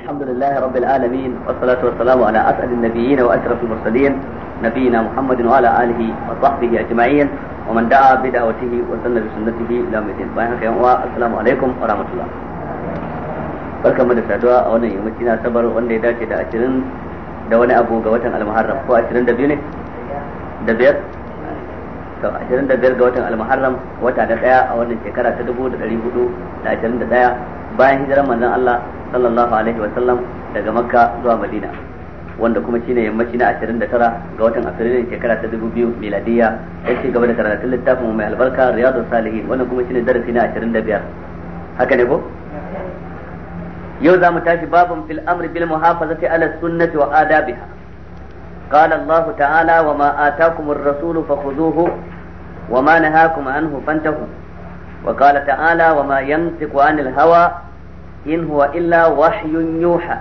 الحمد لله رب العالمين والصلاة والسلام على أسعد النبيين وأشرف المرسلين نبينا محمد وعلى آله وصحبه أجمعين ومن دعا بدعوته وسن بسنته إلى مدين السلام عليكم ورحمة الله barkamu da saduwa a wannan yammaci na sabar wanda ya dace da ashirin da wani abu ga watan almuharram ko ashirin da biyu ne da biyar to ashirin da biyar ga watan almuharram wata da daya a wannan shekara ta dubu da dari hudu da ashirin da daya bayan hijirar manzon Allah sallallahu alaihi wa sallam daga makka zuwa madina wanda kuma shine yammaci na 29 ga watan afrilun shekara ta 2000 miladiya ya ci gaba da karatun littafin mai albarka riyadu salihin wannan kuma shine darasi na 25 haka ne ko yau za mu tashi babun fil amri bil muhafazati ala sunnati wa adabiha قال الله تعالى وما آتاكم الرسول فخذوه وما نهاكم عنه فانتهوا وقال تعالى وما ينطق عن الهوى إن هو إلا وحي يوحى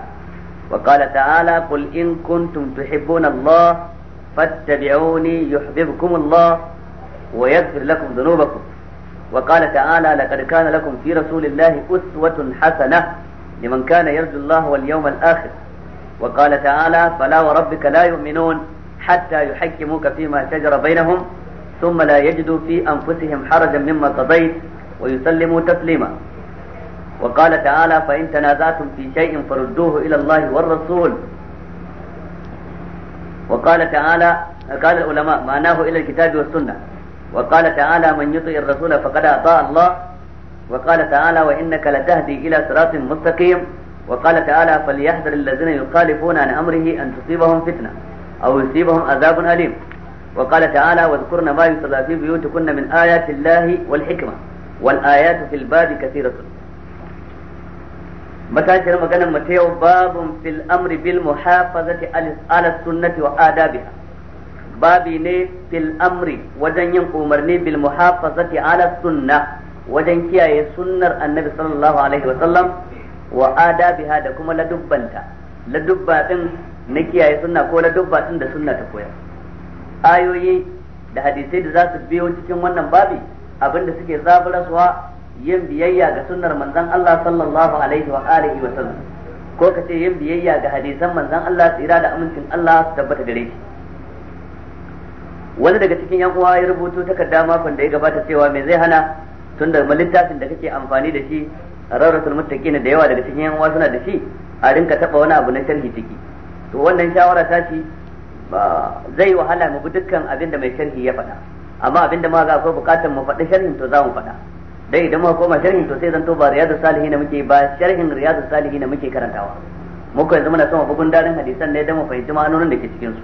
وقال تعالى قل إن كنتم تحبون الله فاتبعوني يحببكم الله ويغفر لكم ذنوبكم وقال تعالى لقد كان لكم في رسول الله أسوة حسنة لمن كان يرجو الله واليوم الآخر وقال تعالى فلا وربك لا يؤمنون حتى يحكموك فيما شجر بينهم ثم لا يجدوا في أنفسهم حرجا مما قضيت ويسلموا تسليما وقال تعالى فإن تنازعتم في شيء فردوه إلى الله والرسول وقال تعالى قال العلماء معناه إلى الكتاب والسنة وقال تعالى من يطع الرسول فقد أطاع الله وقال تعالى وإنك لتهدي إلى صراط مستقيم وقال تعالى فليحذر الذين يخالفون عن أمره أن تصيبهم فتنة أو يصيبهم عذاب أليم وقال تعالى واذكرن ما يتلى في بيوتكن من آيات الله والحكمة والآيات في الباب كثيرة matashiyar maganar mu ta yau babun fil amri bil muhafazati ala sunnati wa adabiha babi ne fil amri wajen yin umarni bil muhafazati ala sunna wajen kiyaye sunnar annabi sallallahu alaihi wa sallam wa adabiha da kuma ladubbanta ladubba din na kiyaye sunna ko ladubba din da sunna ta koya ayoyi da hadisai da za su biyo cikin wannan babi abinda suke zaburarsuwa yin biyayya ga sunnar manzon Allah sallallahu alaihi wa alihi wa sallam ko ka ce yin biyayya ga hadisan manzon Allah tsira da amincin Allah su tabbata gare shi wani daga cikin yan uwa ya rubuto takarda makon da ya gabata cewa me zai hana tun da malittafin da kake amfani da shi rarrasul muttaqin da yawa daga cikin yan uwa suna da shi a rinka taba wani abu na sharhi ciki to wannan shawara ta ba zai wahala mu bi dukkan abin da mai sharhi ya faɗa amma abin da ma a akwai bukatar mu faɗi sharhin to za mu faɗa dai idan muka koma sharhin to sai zan to ba salihi salihin muke ba sharhin salihi salihin muke karantawa muka yanzu muna sama bugun darin hadisan ne da mu fahimci ma'anonin da ke cikin su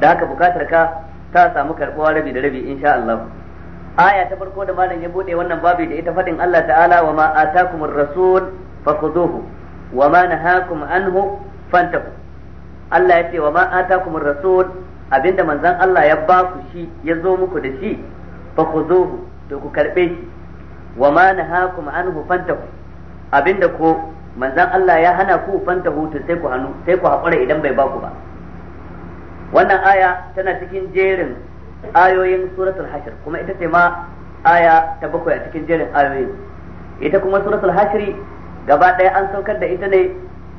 da haka bukatar ka ta samu karbuwa rabi da rabi insha Allah aya ta farko da malam ya bude wannan babu da ita fadin Allah ta'ala wa ma atakumur rasul fakhuduhu wa ma nahakum anhu fantaku Allah ya ce wa ma atakumur rasul abinda manzon Allah ya ba ku shi ya zo muku da shi fakhuduhu to ku karbe shi wa ma nahakum anhu fantahu abinda ko manzan Allah ya hana ku fantahu hutu sai ku hannu sai ku hakura idan bai baku ba wannan aya tana cikin jerin ayoyin suratul hashr kuma ita ce ma aya ta bakwai a cikin jerin ayoyin ita kuma suratul hashr gaba ɗaya an saukar da ita ne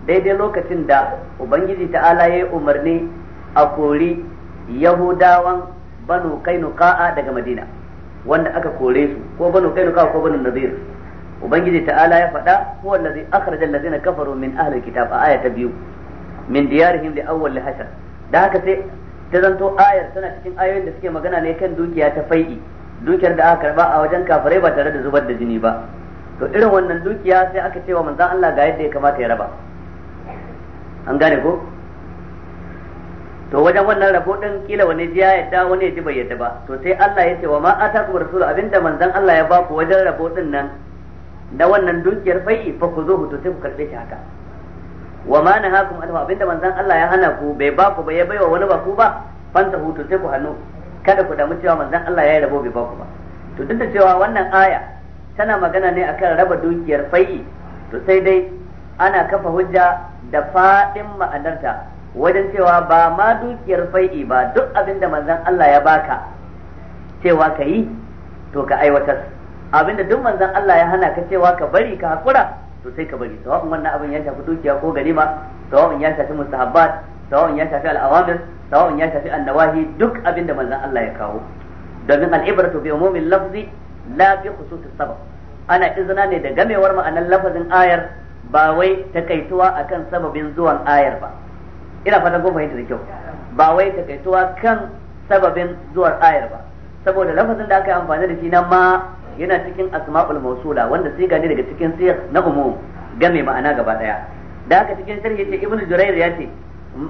daidai lokacin da ubangiji ta'ala yayi umarni a kori yahudawan banu kainuka'a daga madina wanda aka kore su ko banu kainuka ko banu nadir ubangiji ta'ala ya faɗa huwa allazi akhraja allazina kafaru min ahli kitab a aya ta biyu min diyarihim li awwal hashr da haka sai ta zanto ayar tana cikin ayoyin da suke magana ne kan dukiya ta fai'i dukiyar da aka karba a wajen kafirai ba tare da zubar da jini ba to irin wannan dukiya sai aka cewa manzon Allah ga yadda ya kamata ya raba an gane ko to wajen wannan rabo din kila wani ji ya yadda wani ya ji bai yadda ba to sai Allah ya ce wa ma ataku rasul abinda manzon Allah ya ba ku wajen rabo din nan da wannan dukiyar fai fa ku zo to sai ku karbe shi haka wa ma nahakum anhu abinda manzon Allah ya hana ku bai ba ku ba ya baiwa wani ba ku ba fanta hutu sai ku hannu kada ku damu cewa manzon Allah ya yi rabo bai ba ku ba to duk da cewa wannan aya tana magana ne akan raba dukiyar fai to sai dai ana kafa hujja da fadin ma'anarta wajen cewa ba ma dukiyar fai'i ba duk abin da Allah ya baka cewa ka yi to ka aiwatar abinda duk manzon Allah ya hana ka cewa ka bari ka hakura to sai ka bari sawa'un wannan abin ya shafi dukiya ko ganima sawa'un ya shafi mustahabbat sawa'un ya shafi al'awamir sawa'un ya shafi annawahi duk abin da Allah ya kawo domin al'ibratu bi umumin lafzi la bi khususis sabab ana izina ne da gamewar ma'anar lafazin ayar ba wai takaituwa akan sababin zuwan ayar ba ina fatan kun fahimta da kyau ba wai takaituwa kan sababin zuwar ayar ba saboda lafazin da aka yi amfani da shi na ma yana cikin asma'ul mausula wanda sai ne daga cikin siyar na umum mai ma'ana gaba daya da aka cikin sharhi yace ibnu jurayr ya ce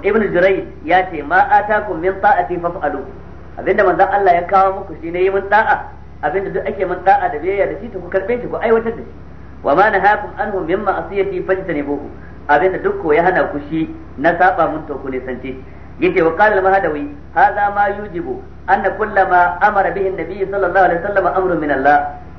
ibnu jurayr ya ce ma atakum min ta'ati fa'alu abinda manzon Allah ya kawo muku shi ne yi mun da'a abinda duk ake mun da'a da biyayya da shi to ku karbe shi ku aiwatar da shi wa ma nahakum anhu mimma asiyati fajtanibuhu abin da duk ya hana ku shi na saba mun to ku ne sance yace wa qala al-mahdawi hadha ma yujibu anna kullama amara bihi an-nabi sallallahu alaihi wasallam amrun min Allah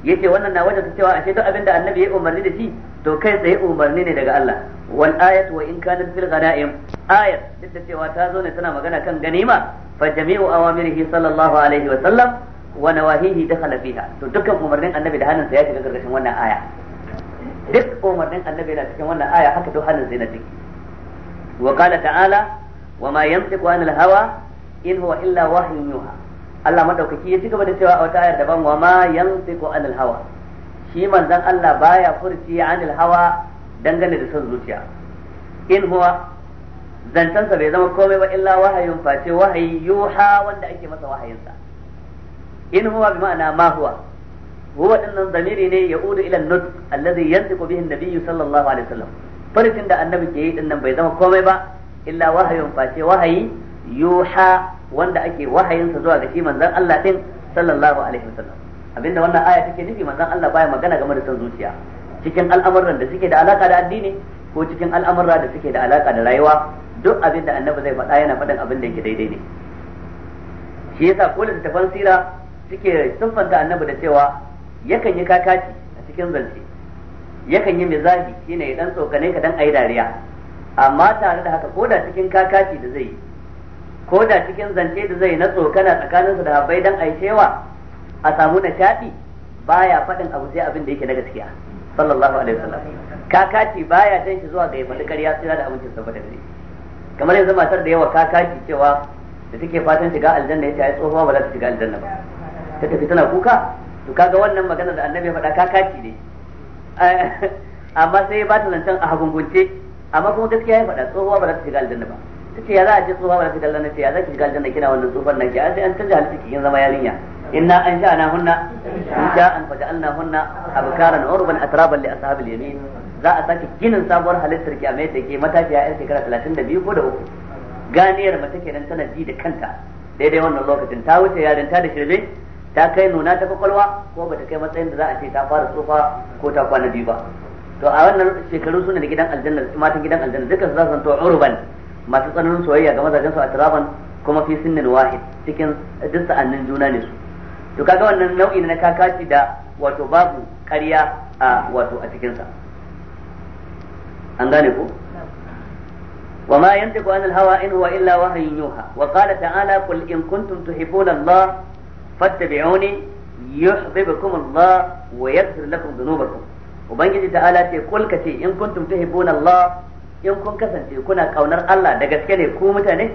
yace wannan na wajen cewa ashe duk abin da annabi ya umarni da shi to kai tsaye umarni ne daga Allah wal ayatu wa in kanat fil ghanaim ayat duk da cewa ta zo ne tana magana kan ganima fa jami'u awamirihi sallallahu alaihi wa sallam wa nawahihi dakhala fiha to dukkan umarnin annabi da hannunsa ya shiga gargashin wannan aya duk umarnin annabi na cikin wannan aya haka to halin zai na ciki wa ta'ala wa ma yantiqu anil hawa in huwa illa wahyun yuha Allah madaukaki ya ci gaba da cewa a wata ayar daban wa ma yantiqu anil hawa shi manzon Allah baya furci anil hawa dangane da son zuciya in huwa zancensa bai zama komai ba illa wahayin face wahayi yuha wanda ake masa wahayinsa in huwa bi ma'ana ma huwa huwa dinnan zamiri ne ya udu ila nut allazi yantiqu bihi an-nabiy sallallahu alaihi wasallam farkin da annabi ke yi dinnan bai zama komai ba illa wahayun face wahayi yuha wanda ake wahayin sa zuwa ga shi manzon Allah din sallallahu alaihi wasallam abinda wannan aya take nufi manzon Allah baya magana game da son zuciya cikin al'amuran da suke da alaka da addini ko cikin al'amura da suke da alaka da rayuwa duk abinda da annabi zai faɗa yana faɗin abin da yake daidai ne shi yasa ko da tafan sira suke siffanta annabi da cewa yakan yi kakaci a cikin zance yakan yi mizahi shine ya dan tsokane ka dan ai dariya amma tare da haka koda cikin kakaci da zai yi koda cikin zance da zai na tsokana tsakaninsu da habbai dan ai cewa a samu nishadi baya faɗin abu sai abin da yake na gaskiya sallallahu alaihi wasallam kakaci baya jan shi zuwa ga ya faɗi ƙarya sai da abincin sa da dare kamar yanzu matar da yawa kakaci cewa da take fatan shiga aljanna yace ai tsohuwa ba za ta shiga aljanna ba ta tafi tana kuka to kaga wannan magana da annabi ya faɗa kakaci ne eh, amma sai ba ta zancen a hagungunce amma kuma gaskiya ya faɗa tsohuwa ba za ta shiga aljanna ba ta ce ya za a ce tsohuwa ba za ta shiga aljanna ce ya za ki shiga aljanna kina wannan tsofan nan ki sai an canza halitta ki yin zama yarinya inna an sha na hunna in sha an faja'alna hunna abkaran urban atraban li ashabil yamin za a sake ginin sabuwar halittar ki a mai da ke matashiya shekara talatin da biyu ko da uku ganiyar mace kenan tana ji da kanta daidai wannan lokacin ta wuce yarinta da shirme ta kai nuna ta kwakwalwa ko bata kai matsayin da za a ce ta fara tsufa ko ta kwana biyu ba to a wannan shekaru suna da gidan aljanna matan gidan aljanna duka su za su zanto urban masu tsananin soyayya ga mazajen su a turaban kuma fi sinnin wahid cikin duk sa'annin juna ne su to kaga wannan nau'i na kakaci da wato babu ƙarya a wato a cikin sa an gane ko وما ينطق عن الهوى إن هو إلا وحي يوحى وقال تعالى قل إن كنتم تحبون الله fattabi'uni yuhibbukum Allah wa yaghfir lakum dhunubakum ubangiji ta'ala ce kul kace in kuntum tuhibbuna Allah in kun kasance kuna kaunar Allah da gaske ne ku mutane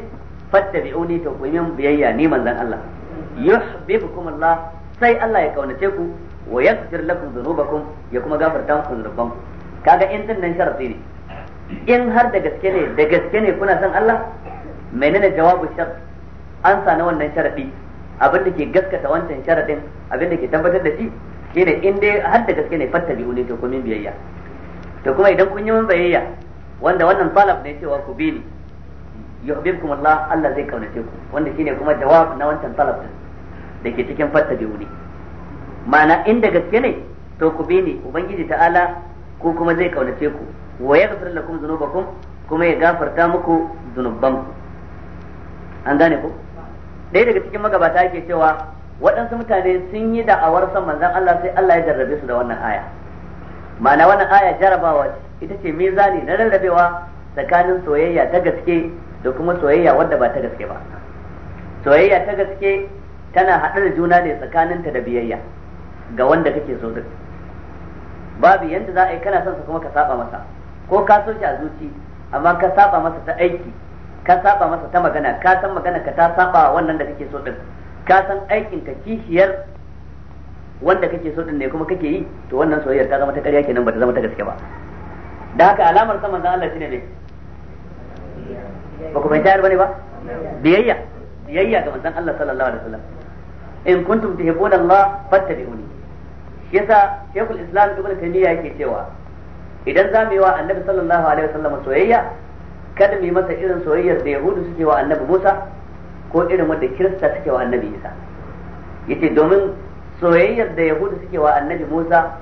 fattabi'uni to ku min biyayya ni manzon Allah yuhibbukum Allah sai Allah ya kaunace ku wa yaghfir lakum dhunubakum ya kuma gafarta muku zunubanku kaga in din nan sharadi ne in har da gaske ne da gaske ne kuna son Allah menene jawabu shar an sa na wannan sharadi abin da ke gaskata wancan sharadin abin da ke tabbatar da shi shine in dai har da gaske ne fatta biyu ne to kun biyayya to kuma idan kun yi min biyayya wanda wannan salaf ne cewa ku bi ni yuhibbukum Allah Allah zai kaunace ku wanda shine kuma jawab na wancan salaf din da ke cikin fatta biyu ne ma'ana in da gaske ne to ku bi ni ubangiji ta'ala ko kuma zai kaunace ku wa yaghfir lakum dhunubakum kuma ya gafarta muku dhunubanku an gane ku? ɗaya daga cikin magabata yake cewa waɗansu mutane sun yi da'awar son manzan Allah sai Allah ya jarrabe su da wannan aya ma'ana wannan aya jarabawa ita ce mizani na rarrabewa tsakanin soyayya ta gaske da kuma soyayya wadda ba ta gaske ba soyayya ta gaske tana haɗe da juna ne tsakaninta da biyayya ga wanda kake so duk babu yanda za a yi kana son sa kuma ka saba masa ko ka so shi a zuci amma ka saba masa ta aiki ka saba masa ta magana ka san magana ka ta saba wannan da kake so din ka san aikin ka kishiyar wanda kake so din ne kuma kake yi to wannan soyayyar ta zama ta ƙarya kenan bata zama ta gaske ba da haka alamar sa manzon Allah shine ne ba ku fahimta bane ba biyayya biyayya ga manzon Allah sallallahu alaihi wasallam in kuntum tuhibbuna Allah fattabi'uni yasa Sheikhul Islam ibnu taymiya yake cewa idan zamu yi wa Annabi sallallahu alaihi wasallam soyayya kada mu yi masa irin soyayyar da yahudu suke wa annabi musa ko irin wanda kirista suke wa annabi isa yace domin soyayyar da yahudu suke wa annabi musa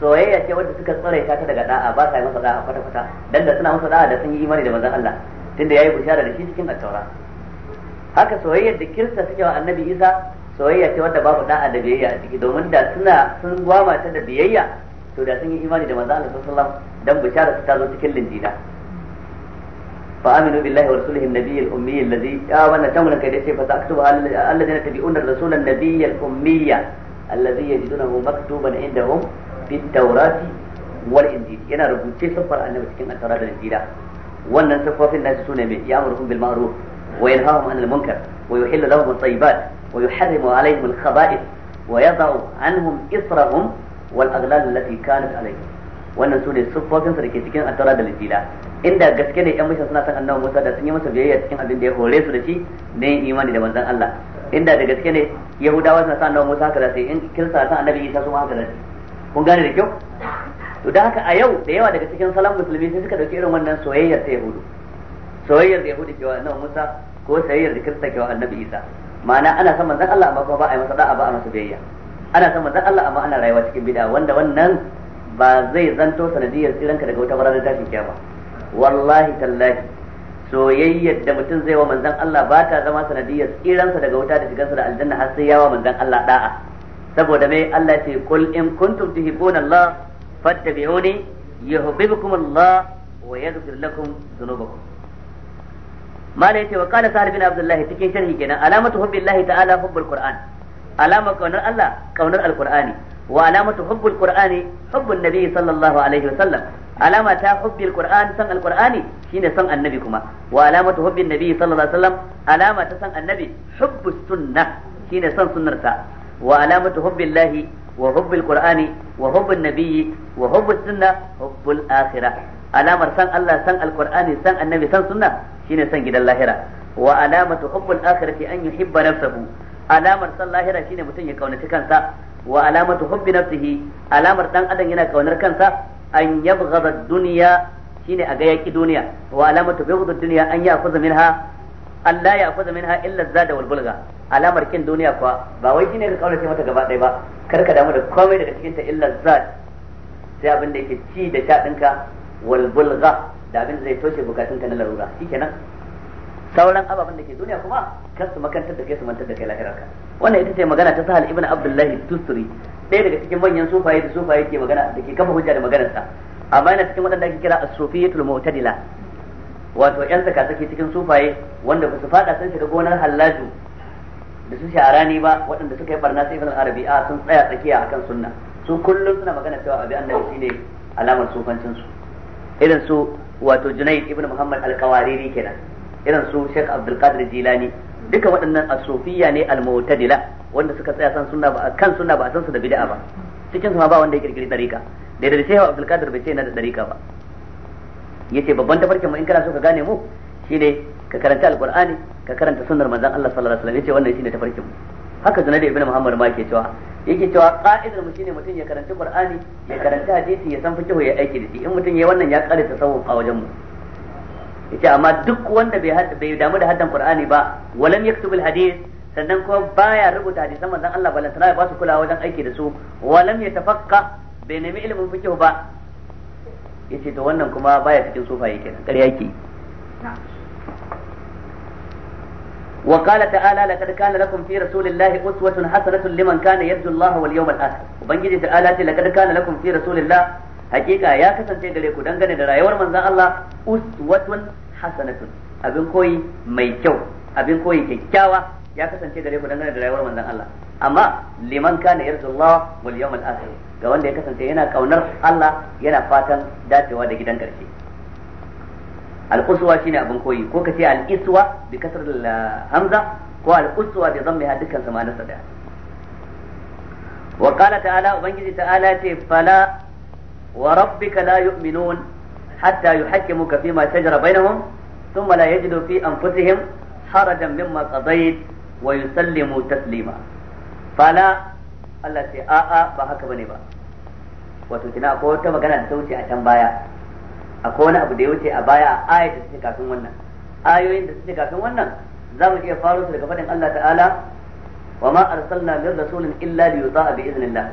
soyayya ce wadda suka tsare ta daga da'a ba sa yi masa da'a kwata kwata dan da suna masa da'a da sun yi imani da manzon Allah tunda yayi bushara da shi cikin attaura. haka soyayyar da kirista suke wa annabi isa soyayya ce wadda babu da'a da biyayya a ciki domin da suna sun gwama ta da biyayya to da sun yi imani da manzon Allah sallallahu alaihi wasallam dan bushara ta zo cikin linjina فامنوا بالله ورسوله النبي الامي الذي يا وانا تمنى كده سي فتكتب الذين تبعون الرسول النبي الامي الذي يجدونه مكتوبا عندهم في التوراه والانجيل انا ربوت سي سفر ان بتكن التوراه والانجيل wannan sufofin nasu su ne mai ya'muruhum bil ma'ruf wa yanhahum 'anil munkar wa yuhillu lahum at-tayyibat wa yuharrimu 'alayhim al-khaba'ith wa yadh'u 'anhum inda gaske ne yan mishan suna san annabi Musa da sun yi masa biyayya cikin abin da ya hore su da shi ne yin imani da manzon Allah inda da gaske ne Yahudawa suna san annabi Musa haka da sai in kirsa san annabi Isa su haka da kun gane da kyau to da haka a yau da yawa daga cikin salam musulmi sai suka dauki irin wannan soyayyar ta Yahudu soyayyar da Yahudu wa annabi Musa ko soyayyar da ke wa annabi Isa ma'ana ana san manzon Allah amma kuma ba a yi masa da'a ba a masa biyayya ana san manzon Allah amma ana rayuwa cikin bid'a wanda wannan ba zai zanto sanadiyar tsiranka daga wata barazanar tashin kiyama ba wallahi tallahi soyayyar da mutum zai wa manzon Allah ba ta zama sanadiyar tsiransa daga wuta da shigansa da aljanna har sai ya wa manzon Allah da'a saboda mai Allah ce kul in kuntum tuhibbuna Allah fattabi'uni yuhibbukum Allah wa yaghfir lakum dhunubakum mala yace wa qala sa'ad bin abdullah cikin sharhi kenan alamatu hubbillahi ta'ala hubbul qur'an alama kaunar Allah kaunar alqur'ani wa alamatu hubbul qur'ani hubbun nabi sallallahu alaihi wasallam alama ta hubbil qur'an san alqur'ani shine san annabi kuma wa alamatu hubbin nabi sallallahu alaihi wasallam alama ta san annabi hubbus sunnah shine san sunnarsa wa alamatu hubbillahi wa hubbil qur'ani wa hubbun nabiyyi wa hubbus sunnah hubbul akhirah alamar san Allah san alqur'ani san annabi san sunna shine san gidan lahira wa alamatu hubbul akhirati anyi yuhibba nafsahu alamar san lahira shine mutum ya ƙaunaci kansa wa alamatu hubbi nafsihi alamar dan adam yana kaunar kansa an yabghadha dunya shine a ga yaki duniya wa alamatu ad dunya an ya'khudha minha Allah ya kuza minha illa zada wal bulga alamar kin duniya kuwa ba wai shine ka kaurace mata gaba ɗaya ba kar ka damu da komai daga cikin ta illa zad sai abin da yake ci da sha ɗinka wal bulga da abin da zai toshe bukatun ka na larura shikenan sauran ababen da ke duniya kuma kan su makantar da kai su mantar da kai ka wannan ita ce magana ta sahal ibn abdullahi tusri ɗaya daga cikin manyan sufaye da sufaye ke magana da ke kafa hujja da sa amma yana cikin waɗanda ake kira as-sufiyatul mu'tadila wato yan take cikin sufaye wanda ba su fada sun shiga gonar hallaju da su sharani ba waɗanda suka yi barna sai ibn arabi sun tsaya tsakiya akan sunna su kullum suna magana cewa abi annabi shine alamar sufancin su irin su wato junayd ibn muhammad al-qawariri kenan irin su Sheikh Abdul Qadir Jilani duka waɗannan asofiya ne al-mu'tadila wanda suka tsaya san sunna ba kan sunna ba san su da bid'a ba cikin su ma ba wanda ya kirkiri dariƙa da da Sheikh Abdul Qadir bai ce yana da dariƙa ba yace babban tafarkin mu in kana so ka gane mu shine ka karanta alqur'ani ka karanta sunnar manzon Allah sallallahu alaihi wasallam yace wannan shine tafarkin mu haka Junayd ibnu Muhammad ma ke cewa yake cewa ka'idar mu shine mutum ya karanta qur'ani ya karanta hadisi ya san fiqh ya aiki da shi in mutum yayi wannan ya kare tasawuf a wajen mu yace amma duk wanda bai bai damu da haddan Qur'ani ba walam yaktubul hadith sannan kuma baya rubuta hadisan manzon Allah balantana ya ba su kulawa wajen aiki da su walam yatafaqqa bai nemi ilimin fiqh ba yace to wannan kuma baya cikin sufaye kenan ƙarya yake وقال تعالى لقد كان لكم في رسول الله أسوة حسنة لمن كان يرجو الله واليوم الآخر وبنجي تعالى لقد كان لكم في رسول الله حقيقة يا كسن تيغلي كدنغن درائيور الله أسوة hasanatun abin koyi mai kyau abin koyi kyakkyawa ya kasance gare ku dangane da rayuwar manzon Allah amma liman kana yarjullah wal al akhir ga wanda ya kasance yana kaunar Allah yana fatan dacewa da gidan karshe al-uswa shine abin koyi ko kace al-iswa bi kasr hamza ko al-uswa bi dhammiha dukkan sama na sada wa qala ta'ala ubangiji ta'ala ce fala wa rabbika la yu'minun hatta yuhaqqimuka fima shajara bainahum thumma la yajidu fi anfusihim harajan mimma qadayt wa yusallimu taslima fala Allah ce a'a ba haka bane ba wato kina akwai wata magana da ta wuce a can baya akwai wani abu da ya wuce a baya a ayat da suke kafin wannan ayoyin da suke kafin wannan za mu iya faro su daga faɗin Allah ta'ala wa ma arsalna illa li yuta'a bi idnillah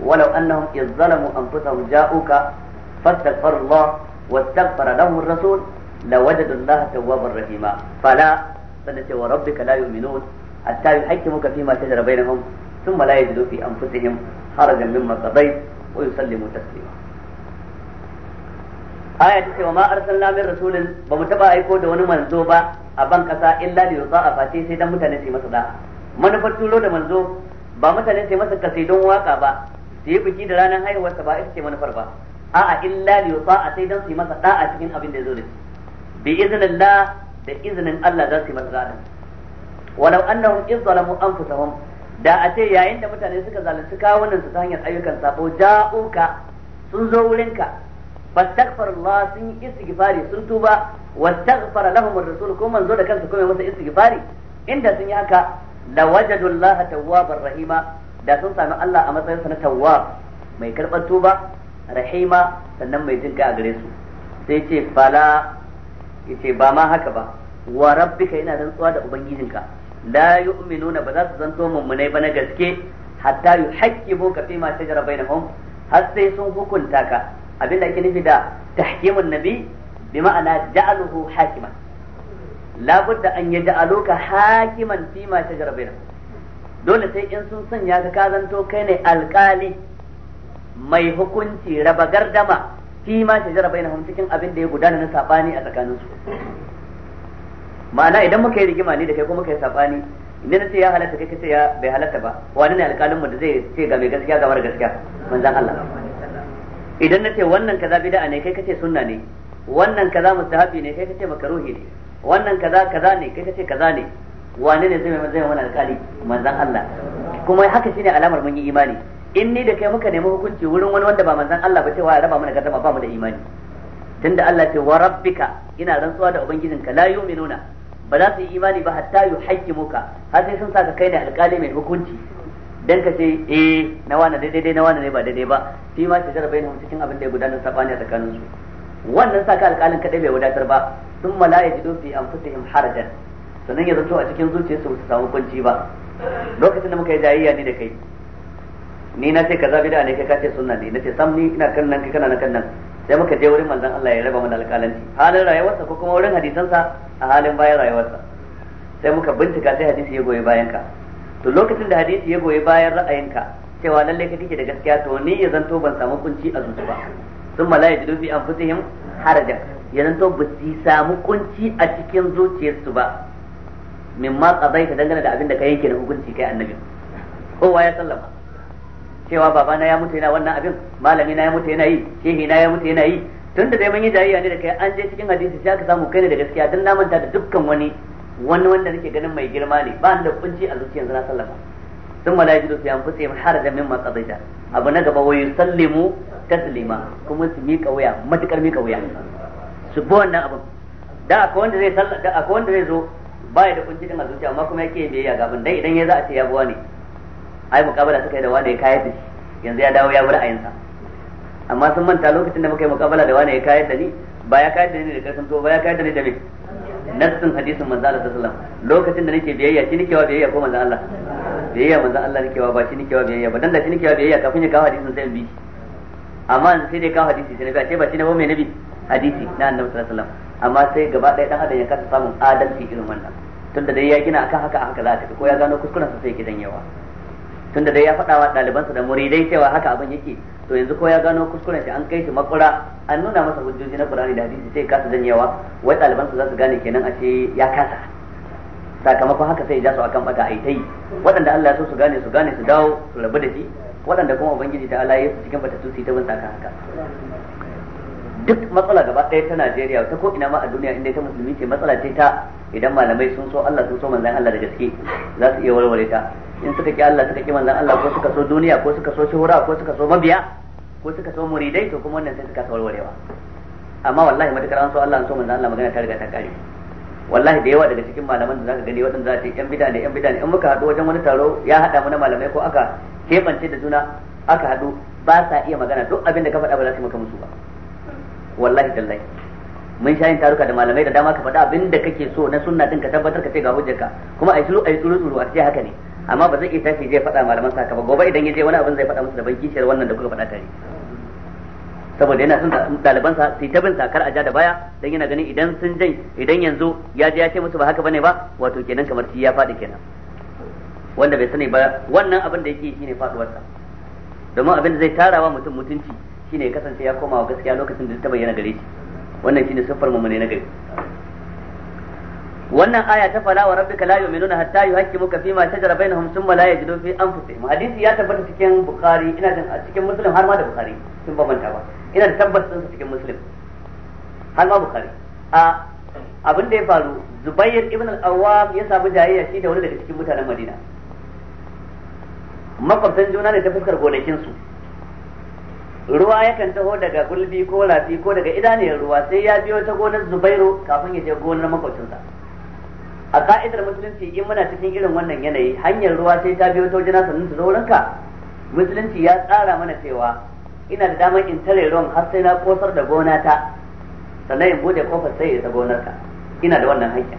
walau izzalamu anfusahum فاستغفر الله واستغفر له الرسول لوجدوا الله توابا رحيما فلا سنتي وربك لا يؤمنون حتى يحكمك فيما شجر بينهم ثم لا يجدوا في أنفسهم حرجا مما قضيت ويسلموا تسليما aya ta ce wa ma arsalna lamin rasulin ba mu taba aiko da wani manzo ba a ban kasa illa li a fati sai dan mutane su masa da'a manufar turo da manzo ba mutane su masa kasidon waka ba su yi biki da ranar haihuwarsa ba ita ce manufar ba a'a illa li yusa'a sai dan su yi masa da'a cikin abin da yazo da shi bi iznillah da iznin Allah za su yi masa da'a walau annahum iz anfusahum da a ce yayin da mutane suka zalunci kawunan su ta hanyar ayyukan sabo ja'uka sun zo wurinka fastaghfar Allah sun yi istighfari sun tuba wastaghfara lahum ar-rasul ko manzo da kansa kuma masa istighfari inda sun yi haka la wajadu Allah tawwabar rahima da sun sami Allah a matsayin sa na tawwab mai karɓar tuba rahima sannan mai jin kai a gare su sai ce fala yace ba ma haka ba wa rabbika ina rantsuwa da ubangijinka la yu'minuna ba za su zanto mummunai ba na gaske hatta yuhaqqibu ka fi ma shajara bainahum har sai sun hukunta ka abin da ake nufi da tahkimun nabi bi ma'ana ja'aluhu hakiman labudda an yaj'aluka hakiman fi ma shajara bainahum dole sai in sun sanya ka ka zanto kai ne alkali mai hukunci raba gardama fi ma shajara bainahum cikin abin da ya gudana na sabani a tsakanin su ma'ana idan muka yi rigima ni da kai kuma yi sabani na nace ya halatta kai kace ya bai halatta ba wani ne alƙalin mu da zai ce ga mai gaskiya ga mara gaskiya manzon Allah idan nace wannan kaza bid'a ne kai kace sunna ne wannan kaza mustahabi ne kai kace makaruhi ne wannan kaza kaza ne kai kace kaza ne Wani ne zai mai zai wani alƙali manzon Allah kuma haka shine alamar mun yi imani in ni da kai muka nemi hukunci wurin wani wanda ba manzan Allah ba cewa ya raba mana gardama ba mu da imani tunda Allah ce wa rabbika ina rantsuwa da ubangijinka la yu'minuna ba za su yi imani ba hatta yuhaqqimuka har sai sun saka kai ne alƙali mai hukunci dan ka ce eh na wani daidai dai na wani ne ba daidai ba shi ma ce jarabai ne cikin abin da ya gudanar sabani a tsakanin su wannan saka alƙalin kadai bai wadatar ba sun mala'iku an fi anfusihim harajan sannan ya zato a cikin zuciyarsu su samu kunci ba lokacin da muka yi jayayya ni da kai ni na ce ka zabi ne kai ka ce suna ne nace sam ni ina kan nan kana nan kan nan sai muka je wurin manzon Allah ya raba mana alƙalanci halin rayuwarsa ko kuma wurin hadisansa a halin bayan rayuwarsa sai muka bincika sai hadisi ya goyi bayan ka to lokacin da hadisi ya goyi bayan ka. cewa lalle ka kike da gaskiya to ni ya zanto ban samu kunci a zuciya ba sun malaya ya jidufi an fusihim harajan ya zanto ba su samu kunci a cikin zuciyarsu ba min ma tsabai ka dangane da abin da ka yanke da hukunci kai annabi kowa ya sallama cewa babana ya mutu yana wannan abin malami na ya mutu yana yi shehi na ya mutu yana yi tun da dai mun yi jayayya ne da kai an je cikin hadisi sai aka samu kai ne da gaskiya dan na manta da dukkan wani wani wanda nake ganin mai girma ne ba da kunci a zuciya yanzu na sallama sun malaji da su yan har da min ma qadaita abu na gaba wayu sallimu taslima kuma su miƙa wuya matukar miƙa wuya su bi wannan abin da akwai wanda zai da akwai wanda zai zo baya da kunci din a zuciya amma kuma yake biyayya ga abin dai idan ya za a ce ya buwa ne ai mukabala suka yi da wani ya kayar da shi yanzu ya dawo ya bi ra'ayinsa amma sun manta lokacin da muka yi mukabala da wani ya kayar da ni ba ya kayar da ni da karfin to ba ya kayar da ni da me nassin hadisin manzo Allah sallallahu alaihi wasallam lokacin da nake biyayya shi nake wa biyayya ko manzo Allah biyayya manzo Allah nake wa ba shi nake wa biyayya ba dan da shi nake wa biyayya kafin ya kawo hadisin sai in bi amma sai dai kawo hadisi sai na ce ba shi ne ba mai nabi hadisi na annabi sallallahu alaihi wasallam amma sai gaba ɗaya dan adam ya kasa samun adalci irin wannan tunda dai ya gina akan haka haka za ta ko ya gano kuskuren sa sai ya kidan yawa tunda dai ya faɗa wa ɗalibansa da muridai cewa haka abin yake to yanzu ko ya gano kuskuren shi an kai shi makura an nuna masa hujjoji na Qur'ani da hadisi sai kasa janyewa wai ɗalibansa za su gane kenan a ce ya kasa sakamakon haka sai ya ja su akan bata ai tai waɗanda Allah ya so su gane su gane su dawo su rabu da shi waɗanda kuma ubangiji ta Allah ya su cikin bata tusi ta bin saka haka duk matsala gaba ɗaya ta Najeriya ta ko ina ma a duniya inda ta musulmi ce matsala ce ta idan malamai sun so Allah sun so manzon Allah da gaske za su iya warware ta in suka ki Allah suka ki manzon Allah ko suka so duniya ko suka so shuhura ko suka so mabiya ko suka so muridai to kuma wannan sai suka warewa. amma wallahi matakar an so Allah an so manzon Allah magana ta riga ta kare wallahi da yawa daga cikin malaman da zaka gani waɗanda za ta yan bida ne yan bida ne in muka haɗu wajen wani taro ya haɗa mu na malamai ko aka keɓance da juna aka haɗu ba sa iya magana duk abin da ka faɗa ba za su maka musu ba wallahi tallahi mun sha yin taruka da malamai da dama ka faɗa abin da kake so na sunna din ka tabbatar ka ce ga hujjarka kuma a yi tsuru a yi tsuru a ce haka ne amma ba zai iya tashi zai faɗa malaman sa ba gobe idan ya je wani abin zai faɗa musu da ban kishiyar wannan da kuka faɗa tare saboda yana son ɗaliban sa su ta bin sa kar a ja da baya dan yana ganin idan sun jan idan yanzu ya je ya ce musu ba haka bane ba wato kenan kamar shi ya faɗi kenan wanda bai sani ba wannan abin da yake shine faɗuwar sa domin abin da zai tarawa mutum mutunci shine kasance ya koma wa gaskiya lokacin da ta bayyana gare shi wannan shine siffar mu ne na gari wannan aya ta fara wa rabbika la yu'minuna hatta yuhaqqimuka fima shajara bainahum thumma la yajidu fi anfusihim hadisi ya tabbata cikin bukhari ina jin a cikin muslim har ma da bukhari sun ba manta ba ina da tabbata sun cikin muslim har ma bukhari a abin da ya faru zubayr ibn al-awwam ya samu jayayya shi da wani daga cikin mutanen madina makwabtan juna ne ta fuskar gonakin su ruwa yakan taho daga gulbi ko lafi ko daga idaniyar ruwa sai ya biyo ta gonar zubairu kafin ya je gonar makwabcinsa a ka'idar musulunci in muna cikin irin wannan yanayi hanyar ruwa sai ta biyo ta wajen sannan ta zo wurinka musulunci ya tsara mana cewa ina da damar in tare ruwan har sai na kosar da gona ta sannan in bude kofar sai ya ta gonarka ina da wannan hanya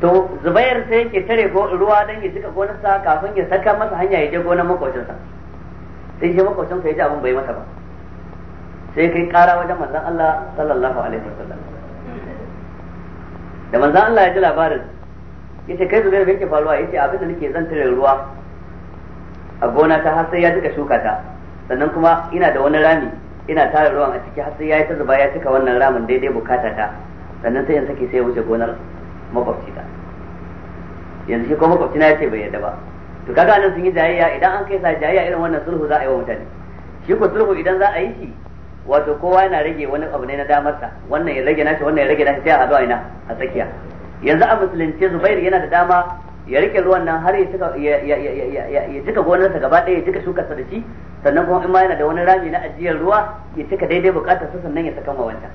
to zubayar sai yake tare ruwa don ya cika gonarsa kafin ya saka masa hanya ya je gonar makocinsa sai shi makocinsa ya ji abin bai masa ba sai kai kara wajen manzon Allah sallallahu alaihi wasallam da manzan Allah ya ji labarin Ya ce kai zubair me yake faruwa ya ce abinda nake zan tare ruwa a gona ta har sai ya cika shuka ta sannan kuma ina da wani rami ina tara ruwan a ciki har sai yi ta zuba ya cika wannan ramin daidai bukata ta sannan sai in sake sai wuce gonar makwabci ta yanzu shi ko makwabci na ce bai yadda ba to kaga nan sun yi jayayya idan an kai sa jayayya irin wannan sulhu za a yi wa mutane shi ko sulhu idan za a yi shi wato kowa yana rage wani abu ne na damar sa wannan ya rage nashi wannan ya rage nashi sai a zuwa ina a tsakiya yanzu a musulunci Zubairu yana da dama ya rike ruwan nan har ya cika ya gonar gonarsa gaba ɗaya ya cika shukarsa da shi sannan kuma in ma yana da wani rami na ajiyar ruwa ya cika daidai bukatar sa sannan ya saka ma wancan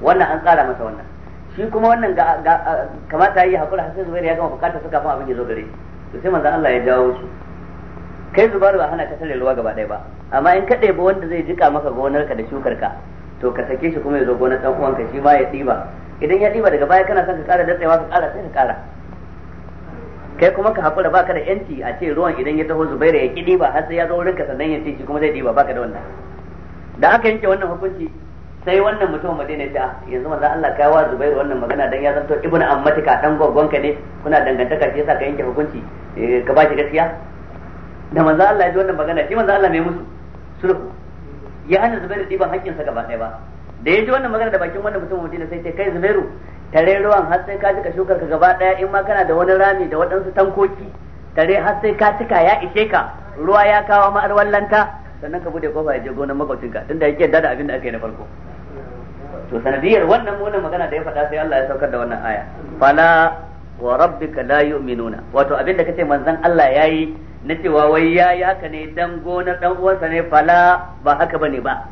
wannan an tsara masa wannan shi kuma wannan ga kamata yi hakura har sai Zubairu ya gama bukatar sa kafin abin ya zo gare to sai manzon Allah ya jawo su kai Zubairu ba hana ta tare ruwa gaba ɗaya ba amma in kaɗai ba wanda zai jika maka gonarka da shukarka to ka sake shi kuma ya zo gonar ɗan uwanka shi ma ya ɗiba idan ya ɗiba daga baya kana son ka ƙara datsewa ka ƙara sai ka ƙara kai kuma ka haƙura baka da yanci a ce ruwan idan ya taho zubaira ya ƙi ɗiba har sai ya zo wurin ka sannan ya ce shi kuma zai ɗiba baka da wannan da aka yanke wannan hukunci sai wannan mutum madina ta ah, yanzu manzo Allah kai wa Zubairu wannan magana dan ya zanto ibnu ammatika dan gogonka ne kuna dangantaka shi yasa ka yanke hukunci eh, ka ba shi gaskiya da manzo Allah ya ji wannan magana shi manzo Allah mai musu sulhu ya hana Zubairu ɗiban sa gaba ɗaya ba da ya ji wannan magana da bakin wannan mutum Madina sai ce kai Zubairu tare ruwan har sai ka cika shukar ka gaba ɗaya in ma kana da wani rami da waɗansu tankoki tare har sai ka cika ya ishe ka ruwa ya kawo ma'arwan lanta sannan ka bude kofa ya je gonar makwabcinka tunda yake yarda da abin da aka yi na farko to sanadiyar wannan wannan magana da ya faɗa sai Allah ya saukar da wannan aya fala wa rabbika la yu'minuna wato abin da kace manzon Allah yayi na cewa wai ya yi haka ne dan gonar dan uwansa ne fala ba haka bane ba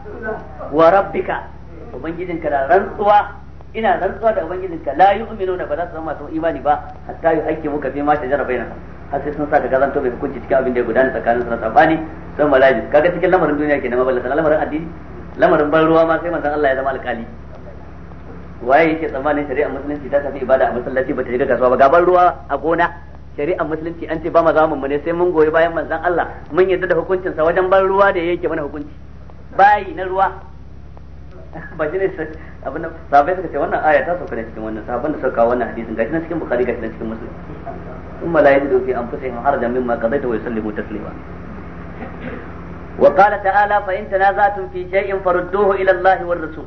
wa rabbika ubangijinka da rantsuwa ina rantsuwa da ubangijinka la yu'minuna ba za su zama masu imani ba hatta yi hakki muka fi ma shajara bainahum har sai sun sa ka zanto bai hukunci cikin abin da ya gudana tsakanin su na sabani malaji kaga cikin lamarin duniya ke kenan maballata lamarin addini lamarin ban ruwa ma sai manzon Allah ya zama alƙali waye yake tsammanin shari'a musulunci ta tafi ibada a masallaci ba ta shiga kasuwa ba ban ruwa a gona shari'ar musulunci an ce ba ma zamu ne sai mun goyi bayan manzon Allah mun yarda da hukuncin sa wajen ban ruwa da yake mana hukunci bayi na ruwa ba shi ne abin da sabai suka ce wannan aya ta sauka ne cikin wannan sabon da suka kawo wannan hadisin gashi na cikin bukhari gashi na cikin muslim in malaikatu fi anfusihim harajan mimma qadaita wa yusallimu taslima وقال تعالى فإن تنازعتم في شيء فردوه إلى الله والرسول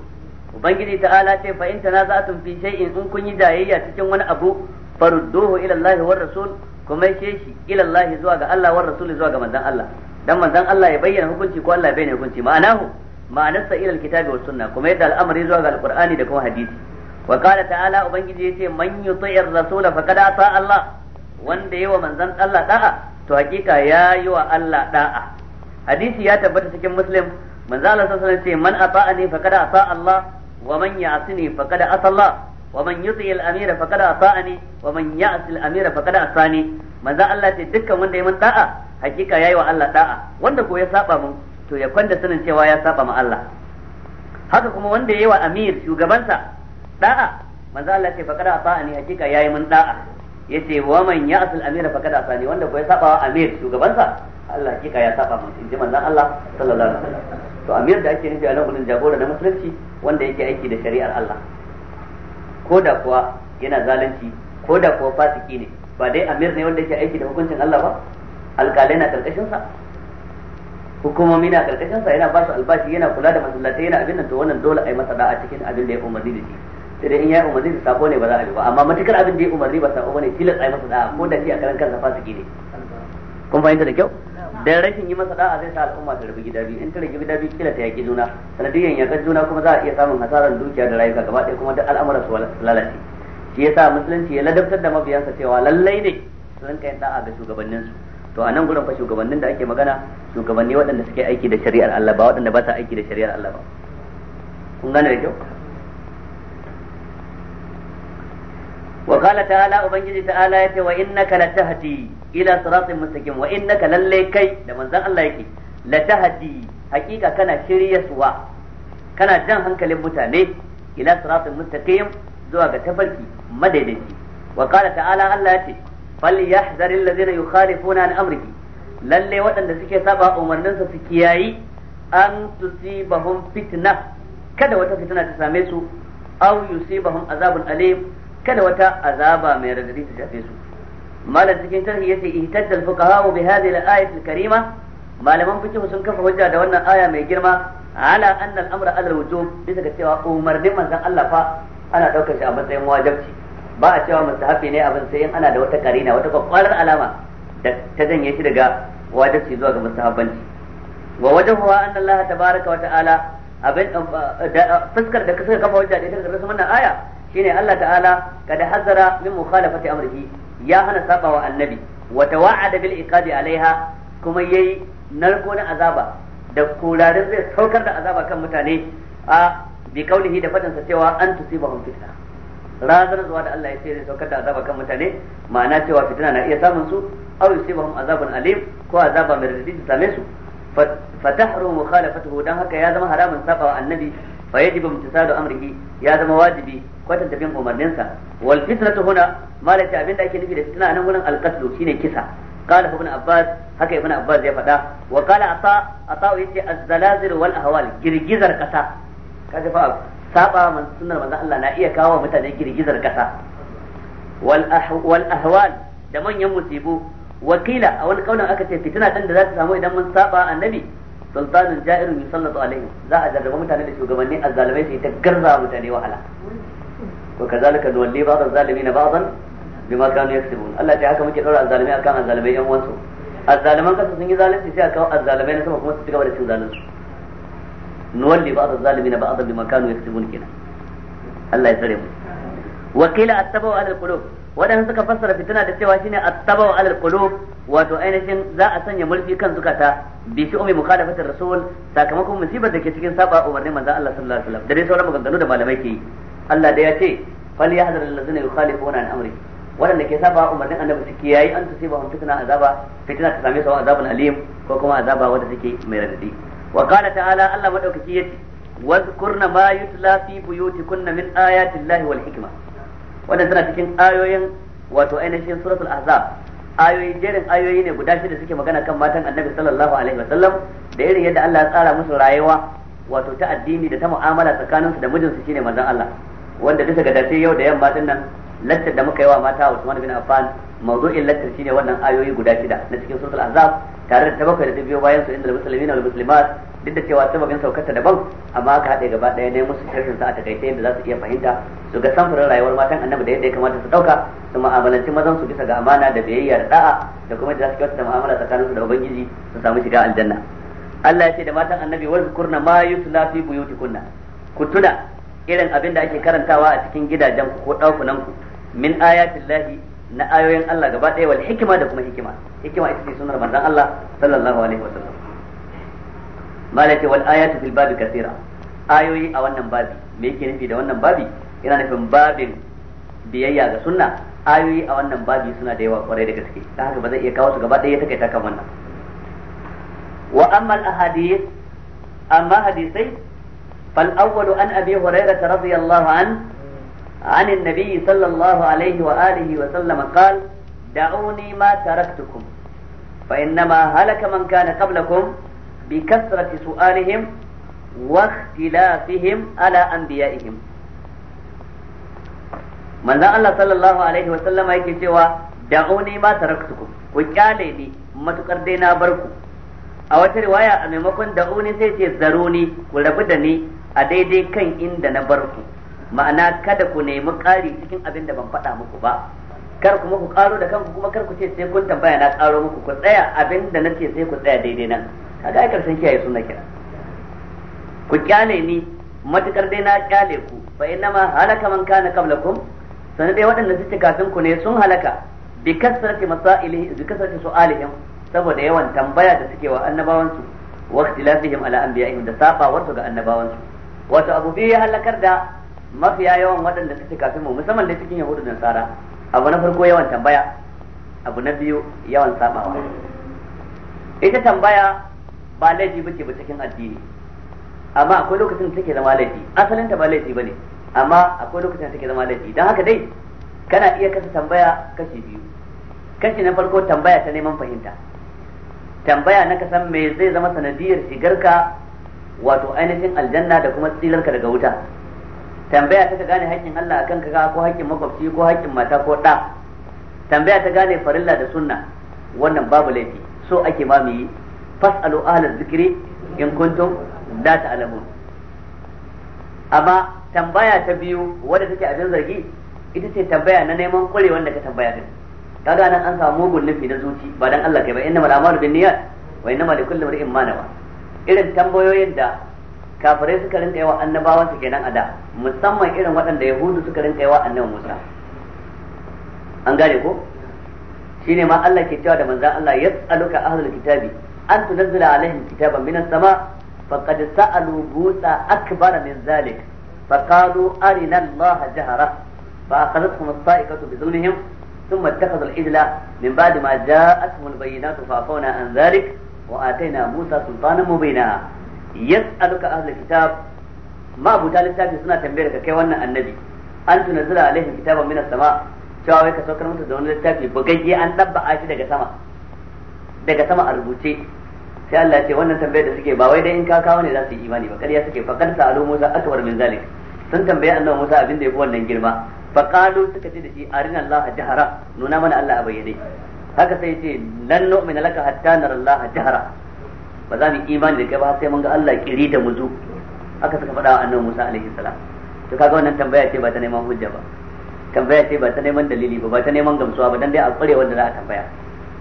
وبنجي تعالى فإن تنازعتم في شيء إن كن cikin wani أبو farudduhu ila Allah war rasul kuma yake shi ila Allah zuwa ga Allah war rasul zuwa ga manzon Allah dan manzon Allah ya bayyana hukunci ko Allah ya bayyana hukunci ma'anahu ma'anarsa ila alkitabi was sunna kuma yadda al'amari zuwa ga alqur'ani da kuma hadisi wa qala ta'ala ubangiji yace man yuti'ir rasul faqad ata Allah wanda yawa manzon Allah da'a to hakika ya yi wa Allah da'a hadisi ya tabbata cikin muslim manzo Allah sallallahu alaihi wasallam ce man ata'ani faqad ata Allah wa man ya'sini faqad asa Allah ومن يطيع الامير فقد اطاعني ومن يعص الامير فقد عصاني manzo Allah ce dukkan wanda ya mun da'a hakika yayi wa Allah da'a wanda ko ya saba mun to ya kwanda sanin cewa ya saba ma Allah haka kuma wanda yayi wa amir shugabansa da'a manzo Allah ce faqad ata'ani hakika yayi mun da'a yace wa man ya'sul amira faqad ata'ani wanda ko ya saba wa amir shugabansa Allah hakika ya saba mun inji manzo Allah sallallahu alaihi wasallam to amir da ake nufi a nan gurin jagora na musulunci wanda yake aiki da shari'ar Allah ko da kuwa yana zalunci ko da kuwa fasiki ne ba dai amir ne wanda yake aiki da hukuncin Allah ba alƙalai na karkashin sa hukumomi na karkashin sa yana ba su albashi yana kula da masallatai yana abin nan to wannan dole ai masa da'a cikin abin da ya umarni da shi sai dai in ya umarni da sako ne ba za a bi ba amma matukar abin da ya umarni ba sako bane tilas ai masa da'a ko da shi a karan kansa fasiki ne kun fahimta da kyau da rashin yi masa da'a zai sa al'umma ta rabu gida biyu in ta rabu gida biyu kila ta yaki juna sanadiyan kan juna kuma za a iya samun hasaran dukiya da rayuka gaba ɗaya kuma duk al'amura su lalace shi yasa musulunci ya ladabtar da mabiyansa cewa lallai ne su rinka yin da'a ga shugabannin su to a nan gurin fa shugabannin da ake magana shugabanni waɗanda suke aiki da shari'ar Allah ba waɗanda ba sa aiki da shari'ar Allah ba kun gane da kyau qala ta'ala ubangiji ta'ala yace wa innaka latahdi ila siratin mustaqim wa innaka lalle kai da manzon Allah yake latahdi hakika kana shiryaswa kana jan hankalin mutane ila siratin mustaqim zuwa ga tafarki madaidaici wa qala ta'ala Allah yace falyahdhar alladhina yukhalifuna an amrihi lalle waɗanda suke saba umarninsa su kiyayi an tusibahum fitna kada wata fitina ta same su aw yusibahum azabun alim kada wata azaba mai radadi ta shafe su malam cikin tarhi yace ihtajja al-fuqaha bi hadhihi al-ayati al-karima malaman fiqh sun kafa hujja da wannan aya mai girma ala anna al-amra ala al-wujub bisa ga cewa umarnin manzon Allah fa ana daukar shi a matsayin wajibi ba a cewa mustahabi ne abin sai in ana da wata karina wata kwakwarar alama da ta janye shi daga wajibi zuwa ga mustahabbanci wa wajhuha anna Allah tabaaraka wa ta'ala abin fuskar da suka kafa hujja da ita da rasul wannan aya shine Allah ta'ala kada hazara min mukhalafati amrihi ya hana sabawa annabi wa tawa'ada bil iqabi alaiha kuma yayi narko na azaba da kularin zai saukar da azaba kan mutane a bi kaulihi da fadin sa cewa an tusibahum fitna ranar zuwa da Allah ya ce zai saukar da azaba kan mutane ma'ana cewa fitna na iya samun su aw yusibahum azabun alim ko azaba mai radadi ta same su fatahru mukhalafatuhu dan haka ya zama haramun sabawa annabi fa yajibu imtisalu amrihi ya zama wajibi kwatan tafin umarninsa wal fitnatu huna malaka abinda ake nufi da fitna nan gurin alqatlu shine kisa قال ابن عباس haka ibn abbas ya faɗa wa qala asa asa yace az-zalazil wal ahwal girgizar kasa kaga fa saba man sunnar manzon Allah na iya kawo mutane girgizar kasa wal wal ahwal da manyan musibu wakila a wani kaunin aka ce fitina din da za ta samu idan mun saba annabi sultanun ja'irun yusallatu alaihi za a jarraba mutane da shugabanni azzalimai sai ta garza mutane wahala wa kazalika nuwalli ba'd az-zalimin ba'dan bima kanu yaksubun Allah ta haka muke daura azzalimai akan azzalimai yan wasu azzaliman kasa sun yi zalunci sai aka kawo azzalimai na sama kuma su cigaba da cin zalunci nuwalli ba'd az-zalimin ba'dan bima kanu yaksubun kenan Allah ya tsare mu wa qila at-tabu ala al-qulub suka fassara fitina da cewa shine at-tabu ala al-qulub wato ainihin za a sanya mulki kan zukata bi shi umi mukhalafatir rasul sakamakon musibar da ke cikin saba umarnin manzon Allah da dai sauran maganganu da ke yi Allah da ya ce fal ya hadar yahzar allazina yukhalifuna an amri waɗanda ke saba umarnin annabi su kiyayi an su ba fitina azaba fitina ta same su azabin alim ko kuma azaba wanda take mai radadi wa qala ta'ala Allah madaukaki yace wazkurna ma yutla fi buyutikunna min ayati llahi wal hikma wannan tana cikin ayoyin wato ainihin suratul ahzab ayoyi jerin ayoyi ne guda shida suke magana kan matan annabi sallallahu alaihi wasallam da irin yadda Allah ya tsara musu rayuwa wato ta addini da ta mu'amala tsakaninsu da mijinsu shine manzon Allah wanda bisa ga dace yau da yamma din nan lattar da muka yi wa mata Usman bin Affan mawdu'in lattar shine wannan ayoyi guda shida na cikin suratul azab tare da tabakai da biyo bayan su inda muslimina wal muslimat duk da cewa sababin saukarta daban amma aka haɗe gaba ɗaya ne musu sharhin sa a takaice yadda za su iya fahimta su ga samfurin rayuwar matan annabi da yadda ya kamata su ɗauka su ma'amalanci mazan su bisa ga amana da biyayya da da'a da kuma da za su kyautata mu'amala tsakanin su da ubangiji su samu shiga aljanna Allah ya ce da matan annabi wa kurna ma yusna fi buyutikunna ku irin abin da ake karantawa a cikin gidajen ku ko ɗakunan ku min ayatin lahi na ayoyin Allah gaba ɗaya wal hikima da kuma hikima hikima ita ce sunar manzon Allah sallallahu alaihi wasallam malaka wal ayatu fil babi kathira ayoyi a wannan babi me yake nufi da wannan babi yana nufin babin biyayya ga sunna ayoyi a wannan babi suna da yawa kwarai da gaske ta haka ba zai iya kawo su gaba ɗaya takaita kan wannan wa amma al ahadith amma hadisai فالأول عن أبي هريرة رضي الله عنه عن النبي صلى الله عليه وآله وسلم قال دعوني ما تركتكم فإنما هلك من كان قبلكم بكثرة سؤالهم واختلافهم على أنبيائهم من الله صلى الله عليه وسلم يكي cewa da'uni ma taraktukum ku kyale ni matukar dai na barku a wata riwaya a maimakon da uni sai ce zaruni ku rabu da ni a daidai kan inda na bar ku ma'ana kada ku nemi ƙari cikin abin da ban faɗa muku ba kar kuma ku ƙaro da kanku kuma kar ku ce sai kun tambaya na ƙaro muku ku tsaya abin da nace sai ku tsaya daidai nan kaga ai karshen kiyaye suna kira ku kyale ni matukar dai na kyale ku fa innama halaka man kana qablakum sanin dai waɗanda suke kafin ku ne sun halaka bi kasrati masailihi bi kasrati su'alihim saboda yawan tambaya da suke wa annabawansu wa ikhtilafihim ala anbiya'ihim da sabawarsu ga annabawansu wato abu biyu ya halakar da mafiya yawan waɗanda suke kafin mu musamman da cikin yahudu da nasara abu na farko yawan tambaya abu na biyu yawan sabawa ita tambaya ba laifi bace ba cikin addini amma akwai lokacin da take zama laifi asalin ta ba laifi bane amma akwai lokacin da take zama laifi dan haka dai kana iya kasa tambaya kashi biyu kashi na farko tambaya ta neman fahimta tambaya na kasan me zai zama sanadiyar shigarka wato ainihin aljanna da kuma tsirarka daga wuta tambaya ta gane haƙƙin Allah akan ka ko haƙƙin makwabci ko haƙƙin mata ko ɗa tambaya ta gane farilla da sunna wannan babu laifi so ake ma mu yi fasalu ahlaz zikri in kuntum la ta'lamun amma tambaya ta biyu wadda take abin zargi ita ce tambaya na neman ƙwarewan da ka tambaya din kaga nan an samu mugun nufi na zuci ba dan Allah kai ba innamal a'malu binniyat wa innamal likulli imrin ma nawa irin tambayoyin da kafirai suka rinka yawa annabawa su kenan a da musamman irin waɗanda yahudu suka rinka yawa annabi Musa an gane ko shine ma Allah ke cewa da manzon Allah yas'aluka ahlul kitabi an tunzila alaihim kitaban minas sama faqad sa'alu busa akbara min zalik فقالوا a الله جهرة فأخذتهم الصائقة بظلمهم ثم اتخذوا العجل من بعد ما جاءتهم البينات فعفونا عن ذلك وآتينا موسى سلطانا مبينا يسألك أهل الكتاب ما أبو تالي التاجي سنة تنبيرك كي وانا النبي أن تنزل عليهم كتابا من السماء cewa wai ka saukar musu da wani littafi bugagge an dabba'a shi daga sama daga sama a rubuce sai Allah ce wannan tambayar da suke ba wai dai in ka kawo ne za su yi imani ba kariya suke fakar sa'alu Musa akbar min zalik sun tambaye annabi Musa abin da yafi wannan girma faqalu suka ce da shi arina Allah jahara nuna mana Allah a bayyane haka sai ce lan nu'min laka hatta nara Allah jahara ba za mu imani da kai ba sai mun ga Allah kiri da muzu haka suka faɗa wa annabi Musa alaihi salam to kaga wannan tambaya ce ba ta neman hujja ba tambaya ce ba ta neman dalili ba ba ta neman gamsuwa ba dan dai a kware wanda za a tambaya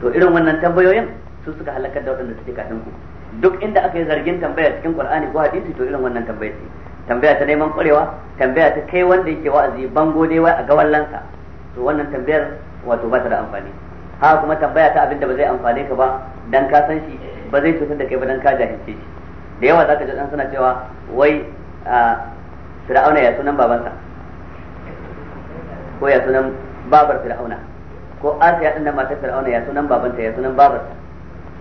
to irin wannan tambayoyin su suka halakar da wadanda suke kafin ku duk inda aka yi zargin tambaya cikin Qur'ani ko hadisi to irin wannan tambaya ce tambaya ta neman kwarewa tambaya ta kai wanda yake wa'azi bango dai wai a ga wallansa to wannan tambayar wato ba ta da amfani ha kuma tambaya ta abinda ba zai amfane ka ba dan ka san shi ba zai cutar da kai ba dan ka jahilce shi da yawa zaka ji dan suna cewa wai fir'auna ya sunan babansa ko ya sunan babar fir'auna ko asiya ya nan matar fir'auna ya sunan babanta ya sunan babarsa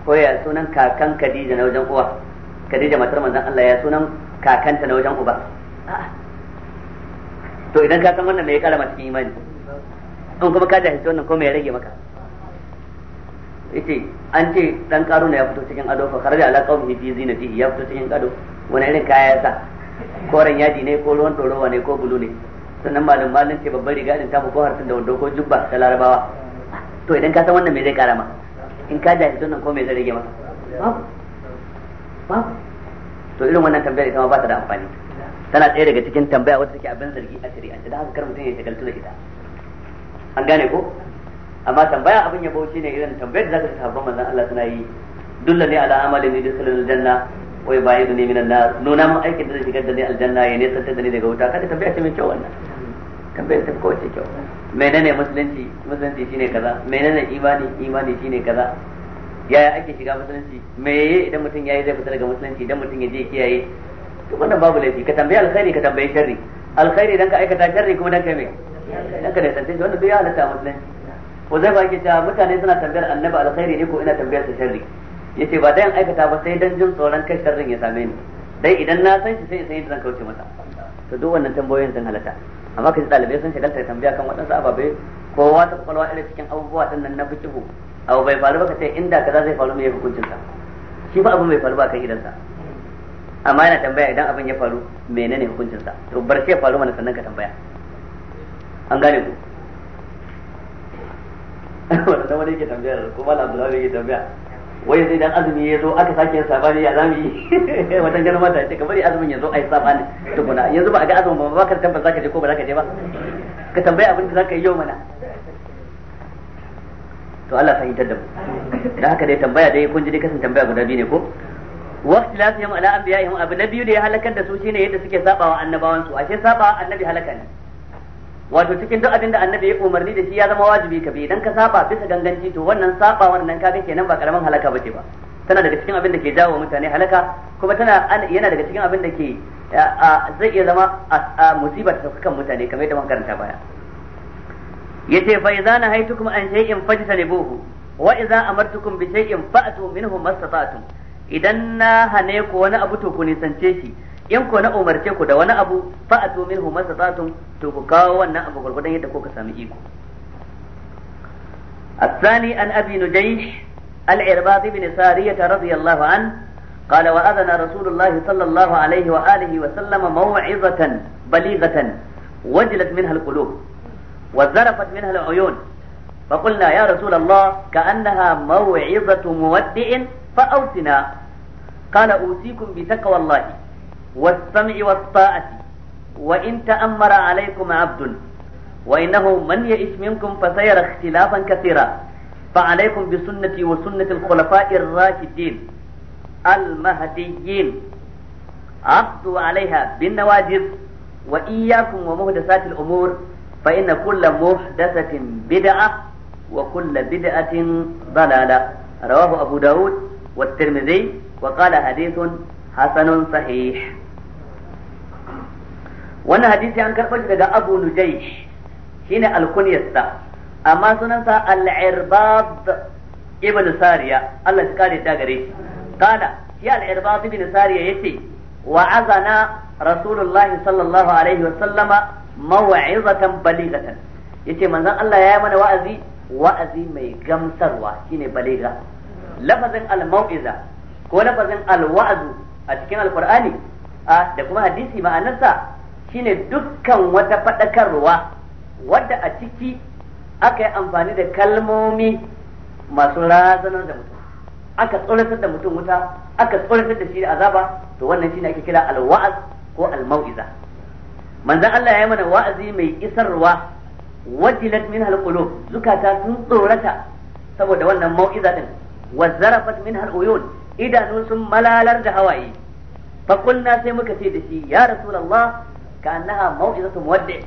ko ya sunan kakan Khadija na wajen uwa Khadija matar manzon Allah ya sunan kakanta na wajen uba to idan ka san wannan me ya kara cikin imani in kuma ka jahilci wannan ko me ya rage maka yace an ce dan karuna ya fito cikin ado fa kharaja ala qawmihi fi zinatihi ya fito cikin ado wani irin kaya ya sa koren yadi ne ko ruwan dorowa ne ko bulu ne sannan malum malin ce babbar riga din tamu ko harsun da wando ko jubba ta larabawa to idan ka san wannan me zai kara ma in ka jahilci wannan ko me zai rage maka babu babu to irin wannan tambayar ita ma ba ta da amfani tana tsaye daga cikin tambaya wata take abin zargi a shari'ance da haka kar mutum ya shagaltu da ita an gane ko amma tambaya abin yabo shine irin tambayar da zaka ta habban manzon Allah suna yi dulla ne ala amalin yudkhulul janna wa yubayidu ni minan nar nuna mun aikin da zai shigar da ni aljanna ya nisantar da ni daga wuta kada tambaya ce mai kyau wannan tambayar ta kowace kyau menene musulunci musulunci shine kaza menene imani imani shine kaza yaya ake shiga musulunci meye idan mutum yayi zai fita daga musulunci idan mutum ya je kiyaye to wannan babu laifi ka tambayi alkhairi ka tambayi sharri alkhairi dan ka aikata sharri kuma dan kai me dan ka da tantance wanda duk ya halatta musulunci ko zai ba ki ta mutane suna tambayar annabi alkhairi ne ko ina tambayar sa sharri yace ba dan aikata ba sai dan jin tsoron kai sharrin ya same ni dai idan na san shi sai sai zan kauce masa to duk wannan tambayoyin sun halatta amma kaji dalibai sun shagalta tambaya kan waɗansu ababai kowa ta kwakwalwa irin cikin abubuwa sannan nan na fikihu abu bai faru ba ka ce inda kaza zai faru me hukuncin sa shi fa abu bai faru ba kan sa, amma yana tambaya idan abin ya faru menene hukuncin sa to bar sai faru mana sannan ka tambaya an gane ku wannan wani yake tambaya ko malam Abdullahi yake tambaya wai sai dan azumi ya zo aka sake yin sabani ya zamu yi wannan ganin mata ce kamar azumin ya zo ai sabani tukuna yanzu ba ga azumin ba ba ka tabbata zaka je ko ba zaka je ba ka tambaya abin da zaka yi yau mana to Allah fahimtar da mu da haka dai tambaya dai kun ji dai kasan tambaya guda biyu ne ko waqti lafiyam ala anbiya'ihim abu na biyu da ya halakar da su shine yadda suke sabawa annabawan su ashe sabawa annabi halaka ne wato cikin duk abin da annabi ya umarni da shi ya zama wajibi ka bi idan ka saba bisa ganganci to wannan sabawar nan kaga kenan ba karaman halaka bace ba tana daga cikin abin da ke jawo mutane halaka kuma tana yana daga cikin abin da ke zai iya zama musibar ta kan mutane kamar yadda muka karanta baya yace fa idza nahaytukum an shay'in fajtanibuhu wa idza amartukum bi shay'in fa'tu minhu mastata'tum idan na hane ku wani abu to ku nisance shi in ku na umarce ku da wani abu fa'tu minhu mastata'tum to ku kawo wannan abu gurgurdan yadda kuka sami iko الثاني عن أبي نجيش العرباض بن سارية رضي الله عنه قال وأذن رسول الله صلى الله عليه وآله وسلم موعظة بليغة وجلت منها القلوب وزرفت منها العيون فقلنا يا رسول الله كأنها موعظة مودع فأوسنا قال أوصيكم بتقوى الله والسمع والطاعة وإن تأمر عليكم عبد وإنه من يئس منكم فسيرى اختلافا كثيرا فعليكم بسنتي وسنة الخلفاء الراشدين المهديين عضوا عليها بالنواجذ وإياكم ومهدسات الأمور fa inna kulla muhdathatin bid'a wa kulla bid'atin dalala rawahu abu daud wa tirmidhi wa qala hadithun hasanun sahih wannan hadisi an karɓa shi daga abu nujaish shine alkunyarsa amma sunansa al ibn sariya Allah ya kare ta gare shi kana ibn azana sallallahu alaihi wa sallama mawa'izatan balighatan yace manzon Allah ya yi mana wa'azi wa'azi mai gamsarwa shine baliga lafazin al-mau'iza ko lafazin al a cikin alqur'ani a da kuma hadisi ma'anarsa shine dukkan wata fadakarwa wadda a ciki aka yi amfani da kalmomi masu razanar da mutum aka tsoratar da mutum wuta aka tsoratar da shi da azaba to wannan shine ake kira al-wa'az ko al-mau'iza manzon Allah ya yi mana wa'azi mai isarwa wajilat min halqulub zukata sun tsorata saboda wannan mau'iza din wazzarafat min haluyun idanu sun malalar da hawaye fakulna sai muka ce da shi ya rasulullah ka annaha mau'izatu muwaddi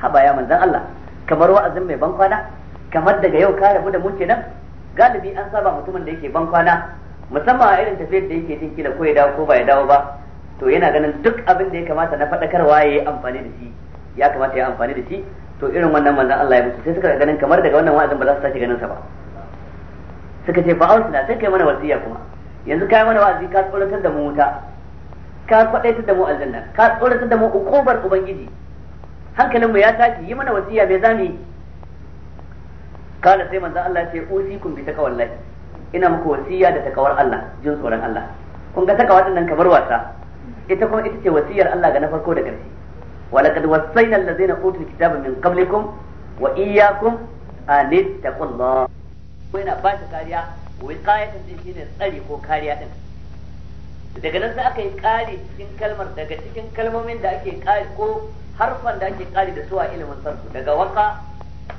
haba ya manzon Allah kamar wa'azin mai bankwana kwana kamar daga yau ka rabu da mu kenan galibi an saba mutumin da yake ban kwana musamman a irin tafiyar da yake jin kila ko ya dawo ko ba ya dawo ba to yana ganin duk abin da ya kamata na faɗakarwa ya yi amfani da shi ya kamata ya amfani da shi to irin wannan manzan Allah ya mutu sai suka ganin kamar daga wannan wa'azin ba za su tashi ganin sa ba suka ce fa'aus suna sai kai mana wasiya kuma yanzu kai mana wa'azi ka tsoratar da mu wuta ka kwadaitar da mu aljanna ka tsoratar da mu ukubar ubangiji hankalin mu ya tashi yi mana wasiya me mu yi kana sai manzan Allah ya ce usikum bi taqwallahi ina muku wasiya da takawar Allah jin tsoron Allah kun ga takawa din nan kamar wasa ita kuma ita ce wasiyar Allah ga na farko da ƙarshe walaqad wasaina allazina utul kitaba min qablikum wa iyyakum an ittaqullah ko yana ba shi kariya wiqayatan din shine tsari ko kariya din daga nan sai aka yi kari cikin kalmar daga cikin kalmomin da ake kari ko harfan da ake kari da suwa a ilimin sarfu daga waka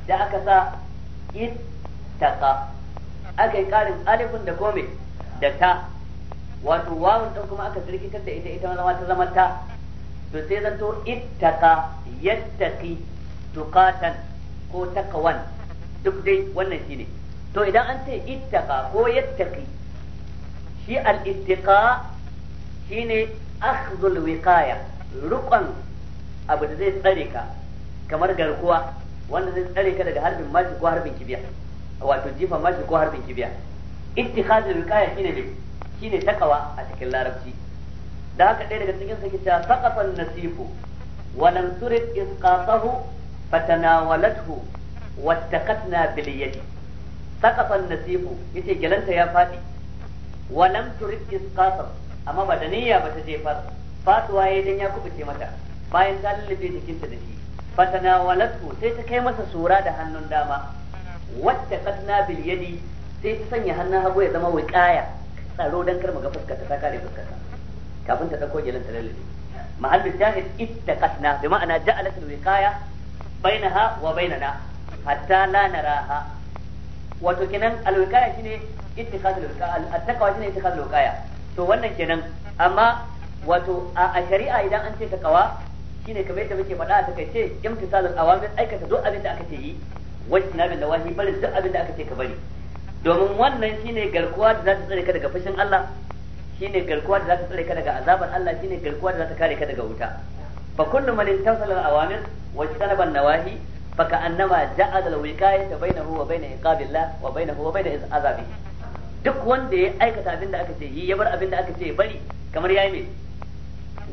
da aka sa ittaqa aka yi karin alifin da gome da ta wato wawan ɗan kuma aka jirkitar da ita ita zama ta zama ta to sai zan to ittaka yattaki tuqatan ko takawan duk dai wannan shine to idan an ce ittaka ko yattaki shi al-ittiqa shine akhdhul wiqaya ruqan abu da zai tsare ka kamar garkuwa wanda zai tsare ka daga harbin mashi ko harbin kibiya wato jifa mashi ko harbin kibiya ittikhadul wiqaya shine ne shine takawa a cikin larabci da haka ɗaya daga cikin sa kita saqafan nasifu wa lam turid isqasahu fatanawalathu wattaqatna bil yad saqafan nasifu yace gelanta ya fadi wa lam turid isqasahu amma ba da niyya ba ta jefar fatuwa yayin dan ya kubuce mata bayan ta lalle jikinta da shi fatanawalathu sai ta kai masa sura da hannun dama wattaqatna bil yad sai ta sanya hannun hagu ya zama wiqaya tsaro dan kar ga fuskar ta kare fuskar ta kafin ta dauko gelin ta lalle mahallin shahid ittaqatna bi ma'ana ja'alat al-wiqaya bainaha wa bainana hatta la naraha wato kenan al-wiqaya shine ittikhadul wiqaya at-taqwa shine ittikhadul wiqaya to wannan kenan amma wato a shari'a idan an ce takawa shine kamar yadda muke faɗa a takaice imtisalul awamir aikata duk abin da aka ce yi da wahi barin duk abin da aka ce ka bari domin wannan shine garkuwa da za ta tsare ka daga fushin Allah shine garkuwa da za ta tsare ka daga azabar Allah shine garkuwa da za ta kare ka daga wuta fa kullu man intasala al-awamir wa ijtanaba an-nawahi fa ka'annama ja'ala al-wiqayata bainahu wa baina iqabillah wa bainahu wa baina azabi duk wanda ya aikata abin da aka ce yi ya bar abin da aka ce bari kamar yayi me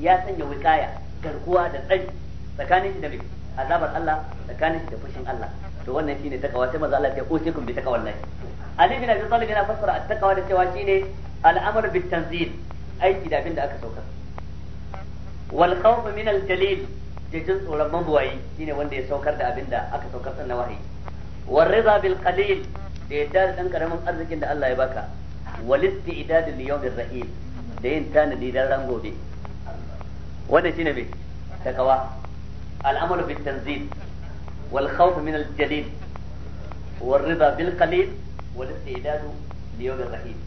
ya sanya wiqaya garkuwa da tsari tsakanin shi da me azabar Allah tsakanin shi da fushin Allah to wannan shine takawa sai manzo Allah ya ce ko sai kun bi takawallahi Ali bin Abi Talib yana fassara attaqwa da cewa shine al'amr bit tanzil aiki da abin da aka saukar. wal khawf min al jalil jin tsoron mabuwayi shine wanda ya saukar da abin da aka saukar sannan wahayi wal ridha bil qalil da yadda da dan karamin arzikin da Allah ya baka wal istidad li yawmir rahim da yin tanadi dan ran gobe wannan shine me takawa al'amr bit tanzil wal khawf min al jalil wal ridha bil wal istidadu li yawmir rahim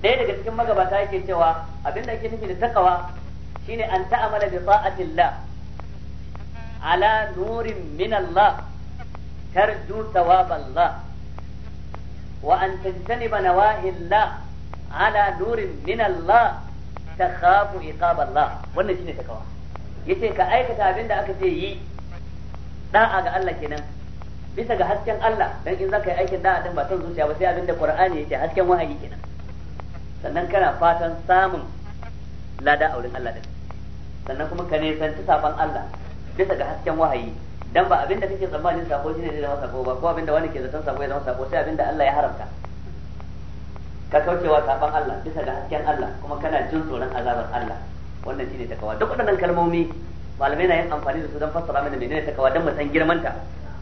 ɗaya daga cikin magabata yake cewa abinda ake nufi da takawa shine an ta'amala bi ta'atillah ala nurin min Allah tarju thawaballah wa an tajtaniba nawahillah ala nurin min Allah takhafu Allah. wannan shine takawa yace ka aikata abinda aka ce yi da'a ga Allah kenan bisa ga hasken Allah dan in zaka yi aikin da'a din ba san zuciya ba sai abin da Qur'ani yake hasken wahayi kenan sannan kana fatan samun lada auren Allah din sannan kuma ka nisanci saban Allah bisa ga hasken wahayi dan ba abin da kake tsammanin sako ne zai zama sako ba ko abin da wani ke zaton sako ya zama sako sai abin da Allah ya haramta ka kaucewa saban Allah bisa ga hasken Allah kuma kana jin tsoron azabar Allah wannan shine takawa duk waɗannan kalmomi malamai na yin amfani da su don fassara mana menene takawa don mu san girmanta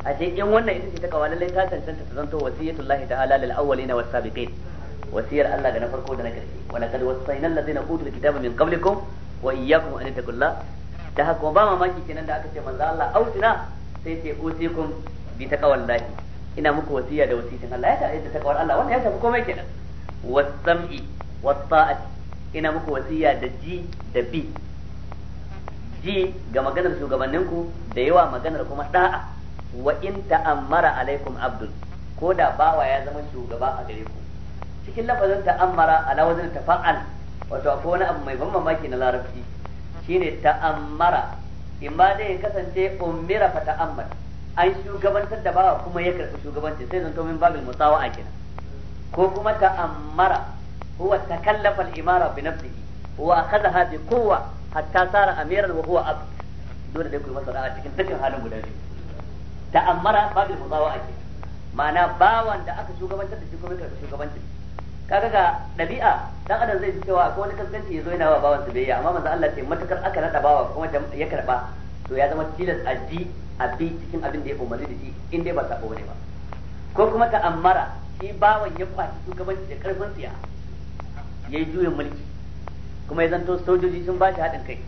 Aje, in wannan ita ce ta kawa lallai ta cancanta ta zanto wasiyatullahi ta'ala lil awwalina was sabiqin wasiyar Allah ga na farko da na karshe wa laqad wasayna allazina utul kitaba min qablikum wa iyyakum an taqullah da haka ba mamaki kenan da aka ce manzo Allah autina sai ce usikum bi taqwallahi ina muku wasiya da wasiyin Allah ya ta'ala da taqwar Allah wannan ya tafi komai kenan was sam'i was ta'ati ina muku wasiya da ji da bi ji ga maganar shugabanninku da yawa maganar kuma da'a wa in ta'ammara alaikum abdul ko da bawa ya zama shugaba a gare ku cikin lafazin ta'ammara ala wajen tafa'al wato ko wani abu mai ban mamaki na larabci shine ta'ammara imma dai ya kasance ummira fa ta'ammar an shugabantar da bawa kuma ya karɓi shugabanci sai zan min babin musawa a kenan ko kuma ta'ammara huwa takallafa al-imara bi nafsihi wa akhadha bi quwwa hatta sara amiran wa huwa abd dole dai ku masa da'a cikin dukkan halin guda biyu ta'ammara babil mudawa ake ma'ana bawan da aka shugabantar da shi kuma karɓi shugabancin kaga ga dabi'a dan adam zai ji cewa akwai wani kaskanci ya zo yana wa bawan su biyayya amma manzo Allah ce matakar aka nada bawa kuma ya karba to ya zama tilas a ji a bi cikin abin da ya umarni da shi in dai ba sako ne ba ko kuma ta'ammara shi bawan ya kwaci shugabanci da karfin ya yayi juyin mulki kuma ya zanto sojoji sun ba shi haɗin kai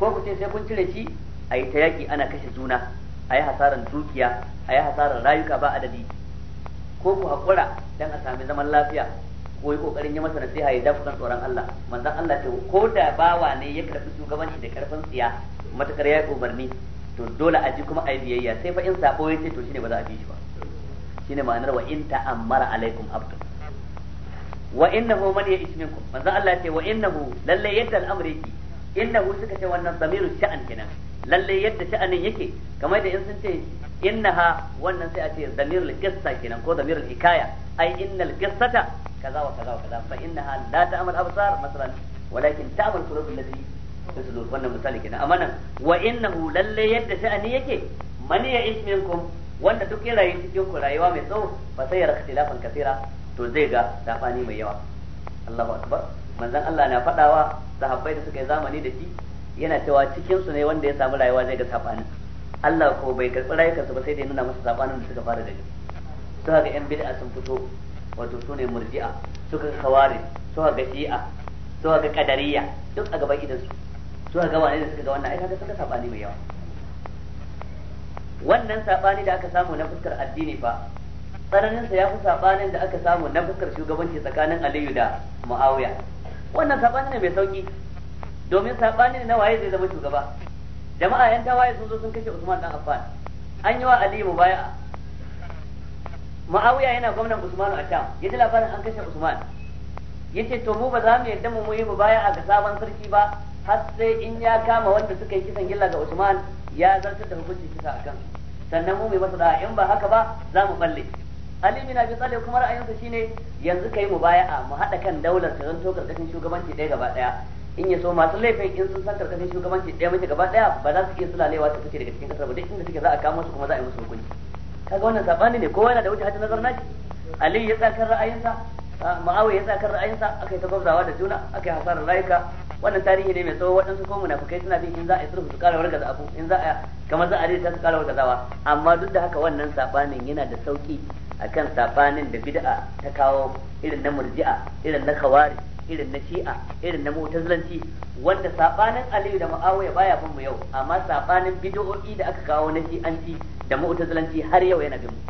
ko ku ce sai kun cire shi a yi ta yaƙi ana kashe juna a yi hasaran dukiya a yi hasaran rayuka ba adadi ko ku haƙura don a sami zaman lafiya ko yi ƙoƙarin yi masa nasiha ya dafa tsoron Allah manzan Allah ce ko da bawa ne ya karɓi shugabanci da karfin tsiya matakar ya umarni to dole a ji kuma a yi biyayya sai fa in sabo ya ce to shine ba za a bi shi ba shine ma'anar wa in ta'ammara alaikum abdu wa innahu man ya minkum manzan Allah ce wa innahu lalle yadda al'amri innahu suka ce wannan damiru sha'an kenan lalle yadda sha'anin yake kamar da in sun ce innaha wannan sai a ce damirul qissa kenan ko damirul hikaya ai innal qissata kaza wa kaza wa kaza fa innaha la ta'mal absar masalan walakin ta'mal qulub allati taslur wannan misali kenan amma nan wa innahu lalle yadda sha'ani yake man ya isminkum wanda duk ya rayu cikin ku rayuwa mai tsawo fa sai ya ikhtilafan kathira to zai ga safani mai yawa Allahu akbar manzon Allah na fadawa sahabbai da suka yi zamani da shi yana cewa cikin su ne wanda ya samu rayuwa zai ga sabanin Allah ko bai karbi rayukansu ba sai da nuna masa sabanin da suka fara gani su ga yan bid'a sun fito wato sune murji'a suka kawari su ga shi'a su ga kadariya duk a gaban idan su su ga wani da suka ga wannan ai kaga suka sabani mai yawa wannan sabani da aka samu na fuskar addini fa tsananinsa ya fi sabanin da aka samu na fuskar shugabanci tsakanin Aliyu da Muawiya wannan sabani ne mai sauki domin sabani ne na waye zai zama shugaba jama'a yan tawaye sun zo sun kashe Usman dan Affan an yi wa Ali mubaya'a Muawiya yana gwamnan Usman a Sham ya ji labarin an kashe Usman yace to mu ba za mu yadda mu yi mubaya'a ga sabon sarki ba har sai in ya kama wanda suka yi kisan gilla ga Usman ya zartar da hukuncin kisa akan sannan mu mai masa da'a in ba haka ba za mu balle Ali bin Abi Talib kuma ra'ayinsa shine yanzu kai a mu hada kan daular ta zanto karkashin shugabanci ɗaya gaba ɗaya in ya so masu laifin in sun san karkashin shugabanci ɗaya mace gaba ɗaya ba za su iya sulalewa su fice daga cikin kasar ba duk inda suke za a kama su kuma za a yi musu hukunci kaga wannan sabani ne kowa yana da wuce hajji nazar naji Ali ya tsakar ra'ayinsa Ah, ma'awai ya tsakar ra'ayinsa aka yi ta gwabzawa da juna aka yi hasarar rayuka wannan tarihi ne mai tsawo waɗansu ko munafukai suna bin in za a yi sulhu su kara wargaza abu in za a kamar za a rita su kara zawa amma duk da haka wannan sabanin yana da sauki akan sabanin da bida'a ta kawo irin na murji'a irin na kawari irin na shi'a irin na mu'tazilanci wanda sabanin aliyu da ma'awai baya bin mu yau amma sabanin bid'o'i da aka kawo na shi'anci da mu'tazilanci har yau yana bin mu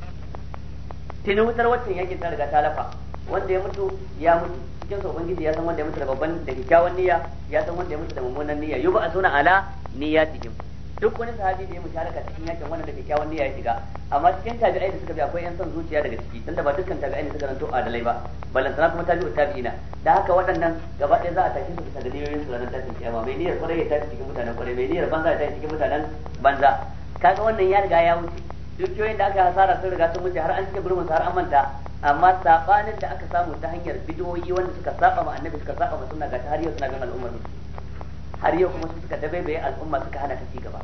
Tinubu wutar waccan yakin ta riga ta lafa wanda ya mutu ya mutu cikin sa ubangiji ya san wanda ya mutu da babban da kyakkyawan niyya ya san wanda ya mutu da mummunan niyya yuba asuna ala niyyatihim duk wani sahabi da ya musharaka cikin yakin wannan da kyakkyawan niyya ya shiga amma cikin tabi'ai da suka bi akwai yan son zuciya daga ciki tunda ba dukkan tabi'ai ne suka ranto adalai ba sana kuma tabi'u tabi'ina da haka waɗannan gaba ɗaya za a tashi su bisa da niyoyin su ranar tashin kiyama mai niyyar kwarai ya tashi cikin mutanen kwarai mai niyyar banza ya tashi cikin mutanen banza kaga wannan ya riga ya wuce dukiyoyin da aka hasara sun riga sun wuce har an cike gurbin har an manta amma sabanin da aka samu ta hanyar bidiyoyi wanda suka saba ma annabi suka saba ma sunna ga har yau suna bin al'ummar har yau kuma su suka bai al'umma suka hana ta ci gaba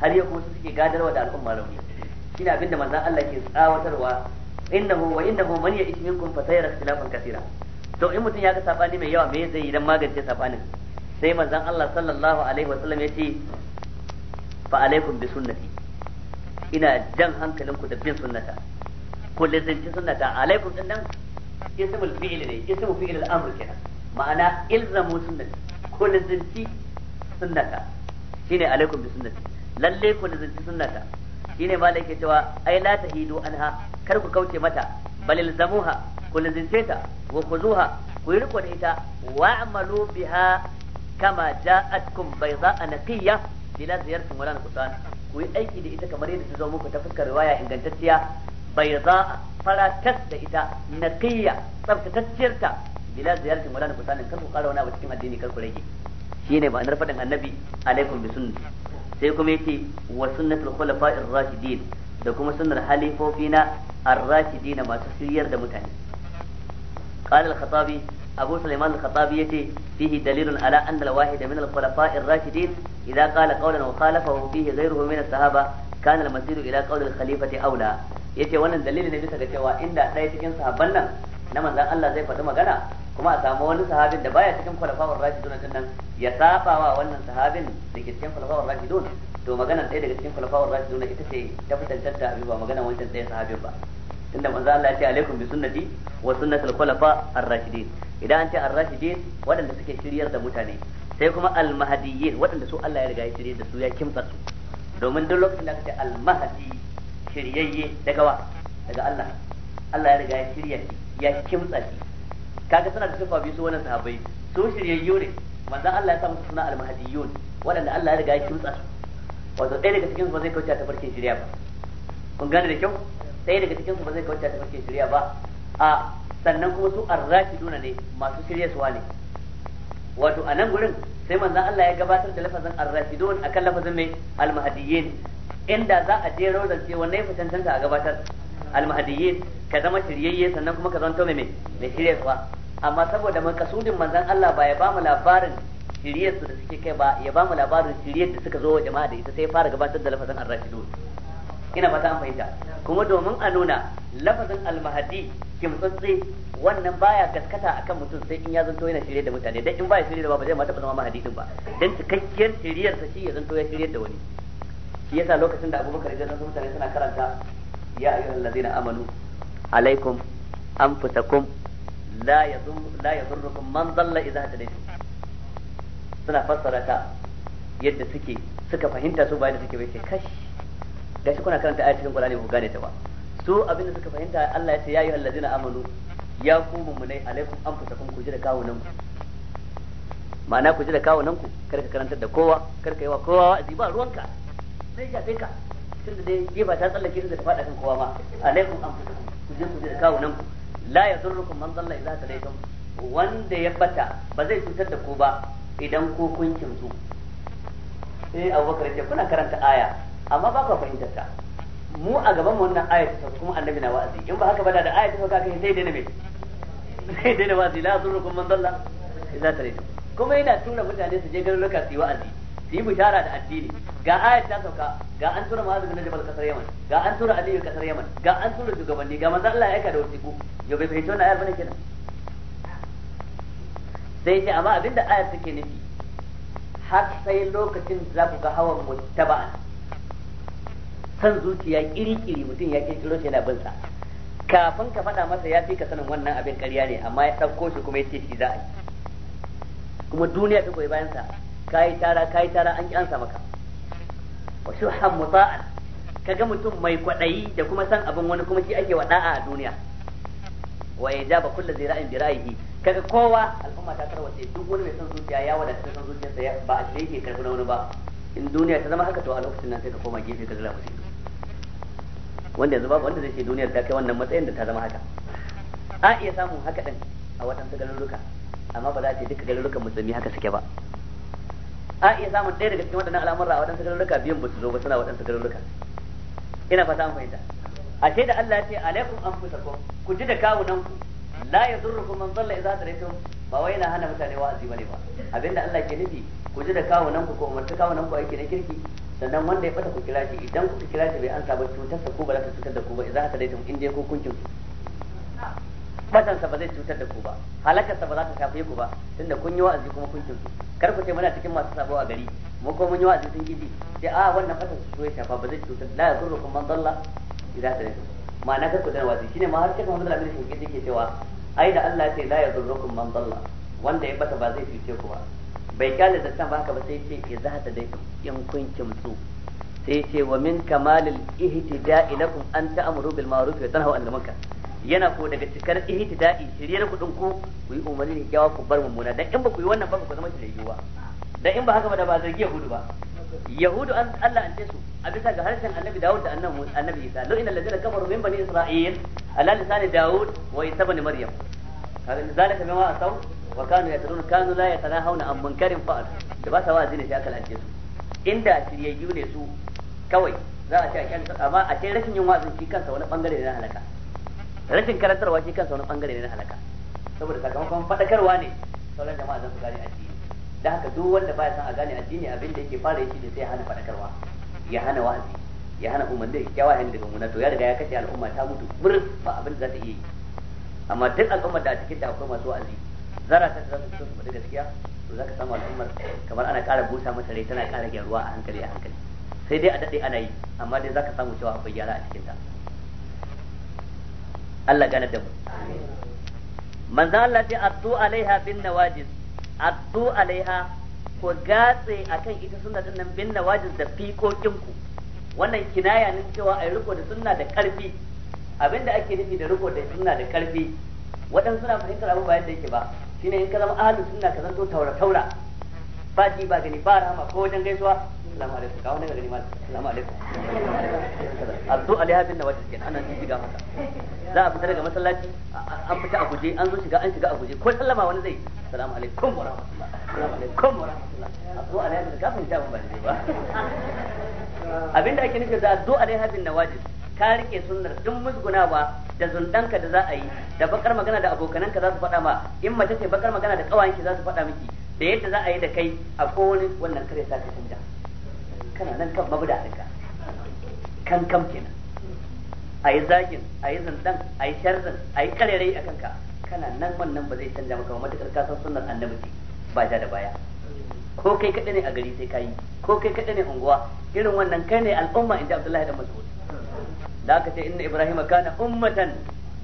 har yau kuma su suke gadarwa da al'umma rauni shine abinda manzon Allah ke tsawatarwa innahu wa innahu man ya'ish minkum fa sayara ikhtilafan katira to in mutum ya ga sabani mai yawa me zai yi dan magance sabanin sai manzon Allah sallallahu alaihi wasallam ya ce fa alaikum bi sunnati ina jan hankalin ku da bin sunnata ko lizinci sunnata alaikum din nan ismul fi'il ne ismul fi'il al-amr kenan ma'ana ilzamu sunnati ko lizinci sunnata shine alaikum bi sunnati lalle ku lizinci sunnata shine malai ke cewa ai la tahidu anha kar ku kauce mata bal ilzamuha ku lizince ta wa khuzuha ku yi riko da ita wa amalu biha kama ja'atkum bayda'a naqiyya bila ziyartin wala nuqsan ku yi aiki da ita kamar yadda ta zo muku ta fuskar riwaya ingantacciya bai za fara tas da ita naqiyya tsaftatacciyar ta bila ziyaratin wala nuqsanin kar ku kara wani abu cikin addini kar ku rage shine ma'anar faɗin annabi alaikum bi sunni sai kuma yake wa sunnatul khulafa'ir rashidin da kuma sunnar halifofina ar-rashidin masu shiryar da mutane qala al-khatabi abu sulaiman al-khattabi yace fihi dalilun ala anna al-wahid min al-khulafa'ir rashidin idza qala qawlan wa khalafahu fihi ghayruhu min as-sahaba kana al-masiru ila qawl al-khalifati aula yace wannan dalilin ne bisa ga cewa inda ɗaya cikin sahabban nan na manzon Allah zai faɗi magana kuma a samu wani sahabin da baya cikin kwalafawar rashidun din nan ya saba wa wannan sahabin da ke cikin khulafa'ur rashidun to maganar ɗaya daga cikin kwalafawar rashidun ita ce ta fitantar da abin ba maganar wancan ɗaya sahabin ba tunda manzo Allah ya ce alaikum bi sunnati wa sunnatul khulafa ar-rashidin idan an ce ar-rashidin waɗanda suke shiryar da mutane sai kuma al-mahdiyyin waɗanda su Allah ya riga ya shirye da su ya kimtsa su domin duk lokacin da aka ce al-mahdi shiryayye daga wa daga Allah Allah ya riga ya shirya shi ya kimtsa shi kaga suna da sifa biyu su wannan sahabbai su shiryayyo ne manzo Allah ya sa musu suna al-mahdiyyun waɗanda Allah ya riga ya kimtsa su wato ɗaya daga cikin su ba zai kauce ta farkin shirya ba kun gane da kyau Sai daga cikin su ba zai kauce ta mace shirya ba a sannan kuma su arrashiduna ne masu shirya suwa ne wato a nan gurin sai manzon Allah ya gabatar da lafazin arrashidun akan lafazin mai almahadiyyin inda za a je rawar ce wannan ya fi a gabatar almahadiyyin ka zama shiryayye sannan kuma ka zanto mai mai mai suwa. amma saboda makasudin manzon Allah ba ya ba mu labarin su da suke kai ba ya ba mu labarin shiryar da suka zo wa jama'a da ita sai ya fara gabatar da lafazin arrashidun ina fata an fahimta kuma domin a nuna lafazin almahadi kimtsatsi wannan baya gaskata akan mutum sai in ya zanto yana shirye da mutane dan in baya shirye da ba zai ma zama mahadi din ba dan cikakkiyar shiryar sa shi ya zanto ya shirye da wani shi yasa lokacin da Abubakar ya zanto mutane suna karanta ya ayyuhal ladina amanu alaikum anfusakum la yadur la yadurrukum man dalla idza hadaytum suna fassara ta yadda suke suka fahimta su bayan da suke bai kai kashi gashi kuna karanta ayat cikin Qur'ani ku gane ta ba su abinda suka fahimta Allah ya ce ya ayyuhal ladzina amanu ya ku mu'minai alaikum anfusakum ku ji da kawunan ku ma'ana ku ji da kawunan ku kar ka karantar da kowa kar ka yi wa kowa wa'azi ba ruwanka sai ya kai ka tunda dai ba ta tsallake da ta faɗa kan kowa ma alaikum anfusakum ku je ku ji da kawunan ku la yadurrukum man dalla idza tadaytum wanda ya bata ba zai cutar da ku ba idan ku kun kinsu sai Abubakar ce kuna karanta aya amma ba ka fahimtar ta mu a gaban mu wannan ayat ta kuma annabi na wa'azi in ba haka ba da ayat ta kai sai na me sai dai na wa'azi la zurrukum man dalla idza taraytum kuma ina tura mutane su je garuruka su yi wa'azi su yi bishara da addini ga ayat ta sauka ga an tura ma'azu na jabal kasar yaman ga an tura aliyu kasar yaman ga an tura shugabanni ga manzo Allah ya aika da wasiku yau bai fahimta wannan ayar bane kenan sai ce amma abinda ayar take nufi har sai lokacin za ku ga hawan mutaba'a san zuciya kirkiri mutum ya kirkiro shi yana binsa kafin ka faɗa masa ya fi ka sanin wannan abin ƙarya ne amma ya ɗauko shi kuma ya ce shi za a yi kuma duniya ta goyi bayan sa kayi tara kayi tara an ansa maka wa shuhan muta'al ga mutum mai kwaɗayi da kuma san abin wani kuma shi ake wada'a a duniya wa ya ijaba kullu zira'in bi ra'yihi kaga kowa al'umma ta tarwace duk wani mai son zuciya ya wadata da son zuciyarsa ba a da yake karɓi na wani ba in duniya ta zama haka to a lokacin nan sai ka koma gefe ka zira mutum wanda yanzu babu wanda zai ce duniyar ta kai wannan matsayin da ta zama haka a iya samun haka din a waɗansu garuruka amma ba za a ce duka garurukan musulmi haka suke ba a iya samun ɗaya daga cikin waɗannan al'amura a waɗansu garuruka biyan ba su zo ba suna waɗansu garuruka ina fata mu fahimta ashe da Allah ya ce alaikum anfusakum ku ji da kawunan ku la yadurrukum man dhalla idza tadaytum ba wai na hana mutane wa'azi bane ba abinda Allah ke nufi ku ji da kawunan ku ko umarta kawunan ku aiki na kirki sannan wanda ya bata ku kira shi idan ku kira shi bai ansa ba cutar sa ko ba za ta cutar da ku ba idan haka dai tun inda ko kun cutu sa ba zai cutar da ku ba halakarsa ba za ta shafe ku ba tunda kun yi wa'azi kuma kun ku. kar ku ce muna cikin masu sabo a gari mu ko mun yi wa'azi sun gidi sai a wannan fatan su ya shafa ba zai cutar la yadurukum man dalla idan ta dace ma'ana kar ku da wa'azi shine ma har cikin Muhammadu Al-Amin shi yake cewa ai da Allah ya ce la yadurukum man dalla wanda ya bata ba zai cuce ku ba bai kyale da ba haka ba sai ce idza ta da in kun kimtsu sai ce wa min kamalil ihtida'i lakum an ta'muru bil ma'ruf wa tanhaw 'anil munkar yana ko daga cikar ihtida'i shiryar ku din ku ku yi umarni da kyawa ku bar mummuna dan in ba ku yi wannan ba ku zama shi da yiwuwa. dan in ba haka ba da ba zargi yahudu ba yahudu an Allah an ce su a bisa ga harshen annabi Dawud da annabi annabi Isa lo inna allazina kafaru min bani isra'il ala lisani Dawud wa Isa bani Maryam kaga zalika mimma asaw wa kanu yatrun kanu la yatanahawna an munkarin fa'al da ba sa wa'azi ne sai aka lance su inda shiryayyu ne su kawai za a ce a kyan amma a ce rashin yin wa'azin shi kansa wani bangare ne na halaka rashin karantarwa shi kansa wani bangare ne na halaka saboda sakamakon fadakarwa ne sauran jama'a zan su gane addini da haka duk wanda baya son a gane addini abin da yake fara yi ne sai ya hana fadakarwa ya hana wa'azi ya hana umarni da kyawawan daga muna to ya riga ya kashe al'umma ta mutu burin ba abin da za ta iya yi amma duk al'ummar da a cikin ta akwai masu wa'azi zara ta za su su faɗi gaskiya to zaka samu al'ummar kamar ana ƙara busa mata rai tana ƙara gyaruwa a hankali a hankali sai dai a daɗe ana yi amma dai zaka samu cewa akwai gyara a cikin ta Allah gane da mu manzan Allah ce Addu alaiha bin nawajis Addu alaiha ko gatse akan ita suna din nan bin nawajis da fikokin wannan kinaya ne cewa yi riko da sunna da karfi Abin da ake nufi da riko da sunna da karfi waɗansu na fahimtar abu ba yadda yake ba shine in ka zama ahlus sunna ka zanto taura taura ba ji ba gani ba rahama ko wajen gaisuwa assalamu alaikum ka wani ga gani ma assalamu alaikum abdu alaiha bin nawajid kenan ana shiga haka za a fita daga masallaci an fita a guje an zo shiga an shiga a guje ko sallama wani zai assalamu alaikum wa rahmatullah assalamu alaikum wa rahmatullah abdu alaiha bin kafin ta ban ba da ake nufi da abdu alaiha bin nawajid ka rike sunnar duk musgunawa da zundanka da za a yi da bakar magana da abokananka za su faɗa ma in mace ce bakar magana da ƙawayenki za su faɗa miki da yadda za a yi da kai a kowane wannan kare sa ka canja kana nan kan mabuda ɗinka kan kam kenan a yi zagin a yi zundan a yi sharzin a yi karerai a kanka kana nan wannan ba zai canja maka ba matuƙar ka san sunnar annabi ce ba ja da baya ko kai kaɗai ne a gari sai ka yi ko kai kaɗai ne unguwa irin wannan kai ne al'umma inda Abdullahi da Mas'ud da aka ce inna ibrahima kana ummatan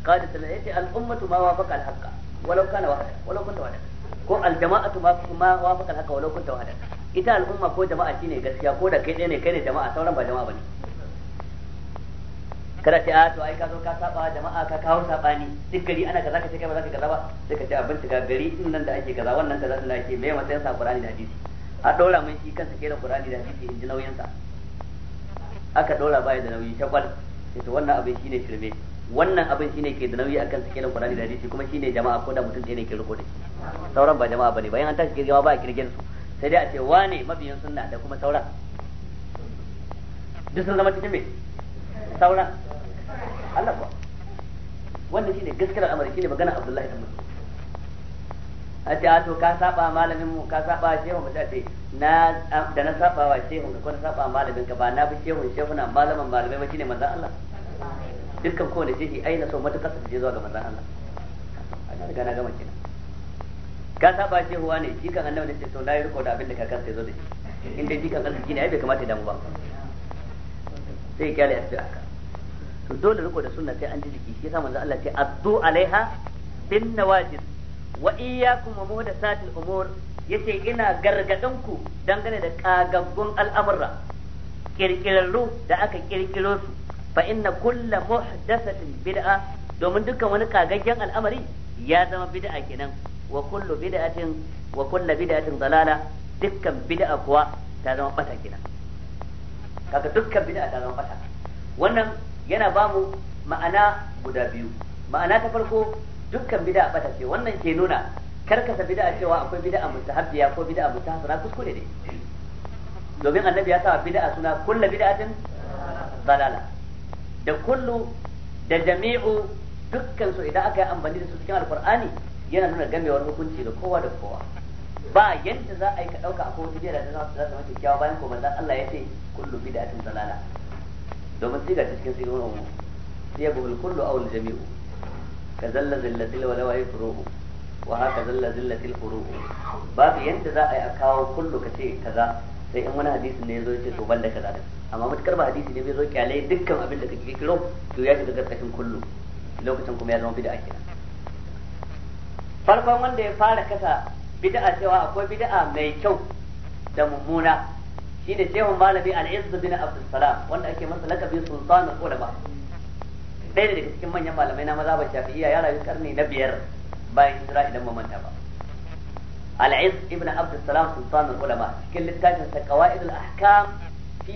kada ta yace al ummatu ma wafaqa al haqq walau kana wahda walau kunta wahda ko al jama'atu ma ma wafaqa al haqq walau kunta wahda ita al umma ko jama'a shine gaskiya ko da kai ɗaya ne kai ne jama'a sauran ba jama'a bane kada ce a to ai ka zo ka saba jama'a ka kawo sabani duk gari ana kaza ka ce kai ba za ka kaza ba sai ka ce abin ga gari din nan da ake gaza wannan kaza din da ake me matsayin sa Qur'ani da hadisi a dora mai shi kansa kera Qur'ani da hadisi in ji nauyin sa aka dora bai da nauyi shakwal to wannan abin shine firme wannan abin shine ke da nauyi akan sikelin Qur'ani da hadisi kuma shine jama'a ko da mutum ɗaya ne ke riko da shi sauran ba jama'a bane bayan an tashi kirgawa ba a kirgen su sai dai a ce wane mabiyan sunna da kuma sauran duk sun zama cikin me sauran Allah ba wannan shine gaskiyar al'amari shine magana Abdullahi ibn Mas'ud a ce a to ka saba malamin mu ka saba shehu mu ce na da na saba wa shehu ka kuma na saba malamin ka ba na bi shehu shehu na malaman malamai ba shine manzon Allah dukkan kowane jeji ai na so matukar su je zuwa ga manzon Allah ana riga na gama kenan ka saba shi huwa ne jikan annabi ne sai to nayi riko da abin da kakan sai zo da shi in dai jikan arziki ne ai bai kamata ya damu ba sai ya kyale asbi aka to dole riko da sunna sai an ji jiki shi yasa manzon Allah ce addu alaiha bin nawajid wa iyyakum wa muhdathatil umur yace ina gargadan ku dangane da kagaggun al'amura kirkirarru da aka kirkiro su fa inna kulla muhdathatin bid'a domin dukkan wani kagaggen al'amari ya zama bid'a kenan wa kullu bid'atin wa kullu bid'atin dalala dukkan bid'a kuwa ta zama bata kenan kaga dukkan bid'a ta zama bata wannan yana ba mu ma'ana guda biyu ma'ana ta farko dukkan bid'a bata ce wannan ke nuna karkasa bid'a cewa akwai bid'a mustahabbiya ko bid'a mustahsana kuskure ne domin annabi ya sa bid'a suna kullu bid'atin dalala da kullu da jami'u dukkan su idan aka yi amfani da su cikin alkur'ani yana nuna gamewar hukunci da kowa da kowa ba yanda za a yi ka dauka a wata jera da za su zama kyakkyawa bayan ko manzon Allah ya ce kullu bid'atun dalala domin siga ta cikin sigar umu sai buhul kullu aw al jami'u ka zalla zillati wa la furu'u wa haka zalla al furu babu yanda za a yi a kawo kullu ka ce kaza sai in wani hadisi ne ya zo ya ce to ban da kaza amma matukar ba hadisi ne bai zo kyale dukkan abin da kake kiro to ya shiga karkashin kullu lokacin kuma ya zama bid'a kenan farkon wanda ya fara kasa bid'a cewa akwai bid'a mai kyau da mummuna shine shehun malami al-izz bin abdul salam wanda ake masa lakabin sultan ulama ɗaya daga cikin manyan malamai na mazhaban shafi'iyya ya rayu karni na biyar bayan hijira idan ba manta ba al ابن عبد السلام سلطان العلماء al-ulama cikin littafin sa qawaid al-ahkam fi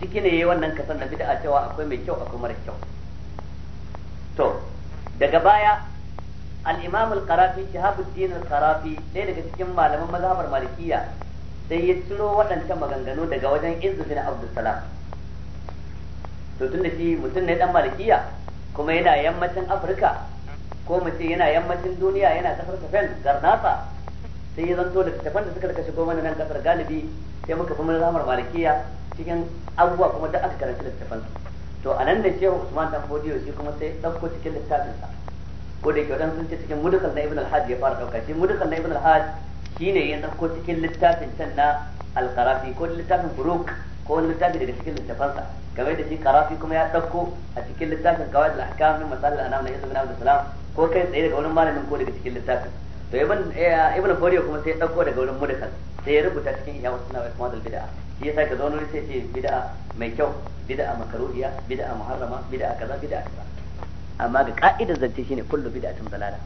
ciki ne yayi wannan kasan da bid'a cewa akwai mai kyau akwai mara kyau to daga baya al-imam al-qarafi shahabuddin al-qarafi dai daga cikin malaman mazhabar malikiya sai ya ciro waɗancan maganganu daga wajen izu bin abdussalam to tun shi mutum ne dan malikiya kuma yana yammacin afirka ko mu ce yana yammacin duniya yana kasar Spain Garnata sai ya zanto da tafan da suka rika shigo mana nan kasar galibi sai muka fi mazhamar malikiya cikin abubuwa kuma da aka karanci littafan su to a nan da wa Usman ta Bodiyo shi kuma sai ɗauko cikin littafin sa ko da yake sun ce cikin mudukal na Ibn al-Hajj ya fara dauka shi mudukal na Ibn al-Hajj shine ya ɗauko cikin littafin can na al-Qarafi ko littafin Buruk ko wani littafi daga cikin sa game da shi karafi kuma ya ɗauko a cikin littafin kawai da ahkam min masal al-anam na Yusuf bin Salam ko kai tsaye daga wani malamin ko daga cikin littafin to ibn eh, ibn fariyo kuma sai ya dauko daga wurin mudakal sai ya rubuta cikin iya wasu nawa kuma da bid'a shi yasa ka zauna sai ce bid'a mai kyau bid'a makaruhiya bid'a muharrama bid'a kaza bid'a kaza amma ga ka'idar zance shine kullu bid'atin dalala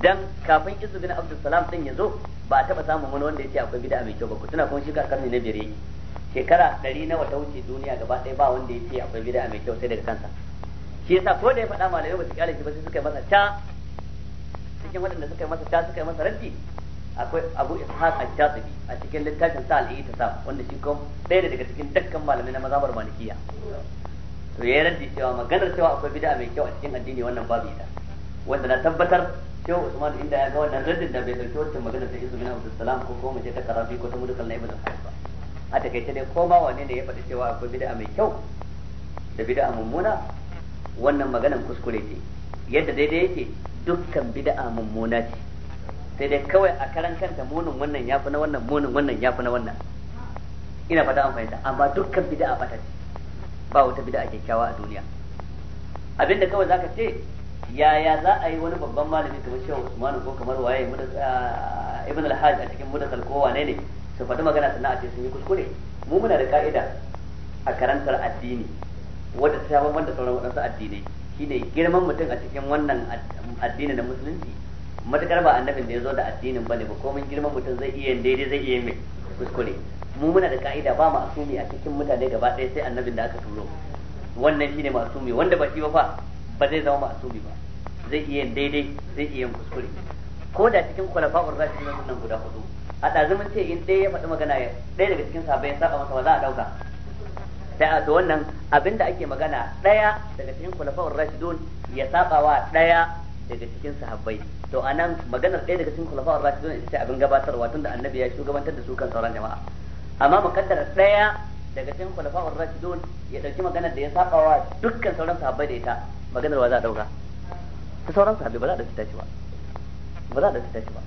dan kafin Izu bin Abdul Salam din ya zo ba a taba samun wani wanda ya ce akwai bid'a mai kyau ba ku tuna kun ga karni na biyar yake shekara 100 nawa ta wuce duniya gaba ɗaya ba wanda ya akwai bid'a mai kyau sai daga kansa shi yasa ko da ya faɗa malamai ba su kyale shi ba sai suka yi masa ta cikin waɗanda suka yi masa ta suka yi masa raddi akwai Abu Ishaq al-Jasibi a cikin littafin sa al ta wanda shi ko ɗaya daga cikin dukkan malamai na mazhabar Malikiya to ya raddi cewa maganar cewa akwai bid'a mai kyau a cikin addini wannan babu ita wanda na tabbatar cewa Usman inda ya ga wannan raddin da bai dauki wancan magana ta Isu bin Abdul Salam ko kuma ce ta Karafi ko ta Mudukal na Ibn Haifa a takaice dai ko ma wane ne ya faɗi cewa akwai bid'a mai kyau da bid'a mummuna wannan maganan kuskure ce yadda daidai yake dukkan bid'a mummuna ce sai dai kawai a karan kanta munin wannan ya fi na wannan munin wannan ya fi na wannan ina fata an fahimta amma dukkan bid'a bata ce ba wata bid'a kyakkyawa a duniya abinda kawai zaka ce yaya za a yi wani babban malami kamar shehu usman ko kamar waye ah, ibn al-hajj a cikin mudasal ko wane ne su faɗi magana sannan a ce sun yi kuskure mu muna da ka'ida a karantar addini wadda ta bamban wanda sauran waɗansu addinai shine girman mutum a cikin wannan addini na musulunci matakar ba annabin da ya zo da addinin bane ba komai girman mutum zai iya daidai zai iya mai kuskure mu muna da ka'ida ba ma'asumi a cikin mutane gaba ɗaya sai annabin da aka turo wannan shine ma'asumi wanda ba shi ba fa ba zai zama ma'asumi ba zai iya daidai zai iya kuskure ko da cikin shi ne nan guda hudu a ɗazu mun ce in ɗaya ya faɗi magana ɗaya daga cikin sahabbai ya saba masa ba za a ɗauka a to wannan abinda ake magana daya daga cikin kulafawar rashidun ya sabawa daya daga cikin sahabbai to anan maganar daya daga cikin kulafawar rashidun ita ce abin gabatarwa tunda annabi ya shugabantar da su kan sauran jama'a amma mukaddar daya daga cikin kulafawar rashidun ya dauki maganar da ya sabawa dukkan sauran sahabbai da ita maganar wa za a dauka ta sauran sahabbai ba za a dauki ta ci ba ba za a dauki ta ci ba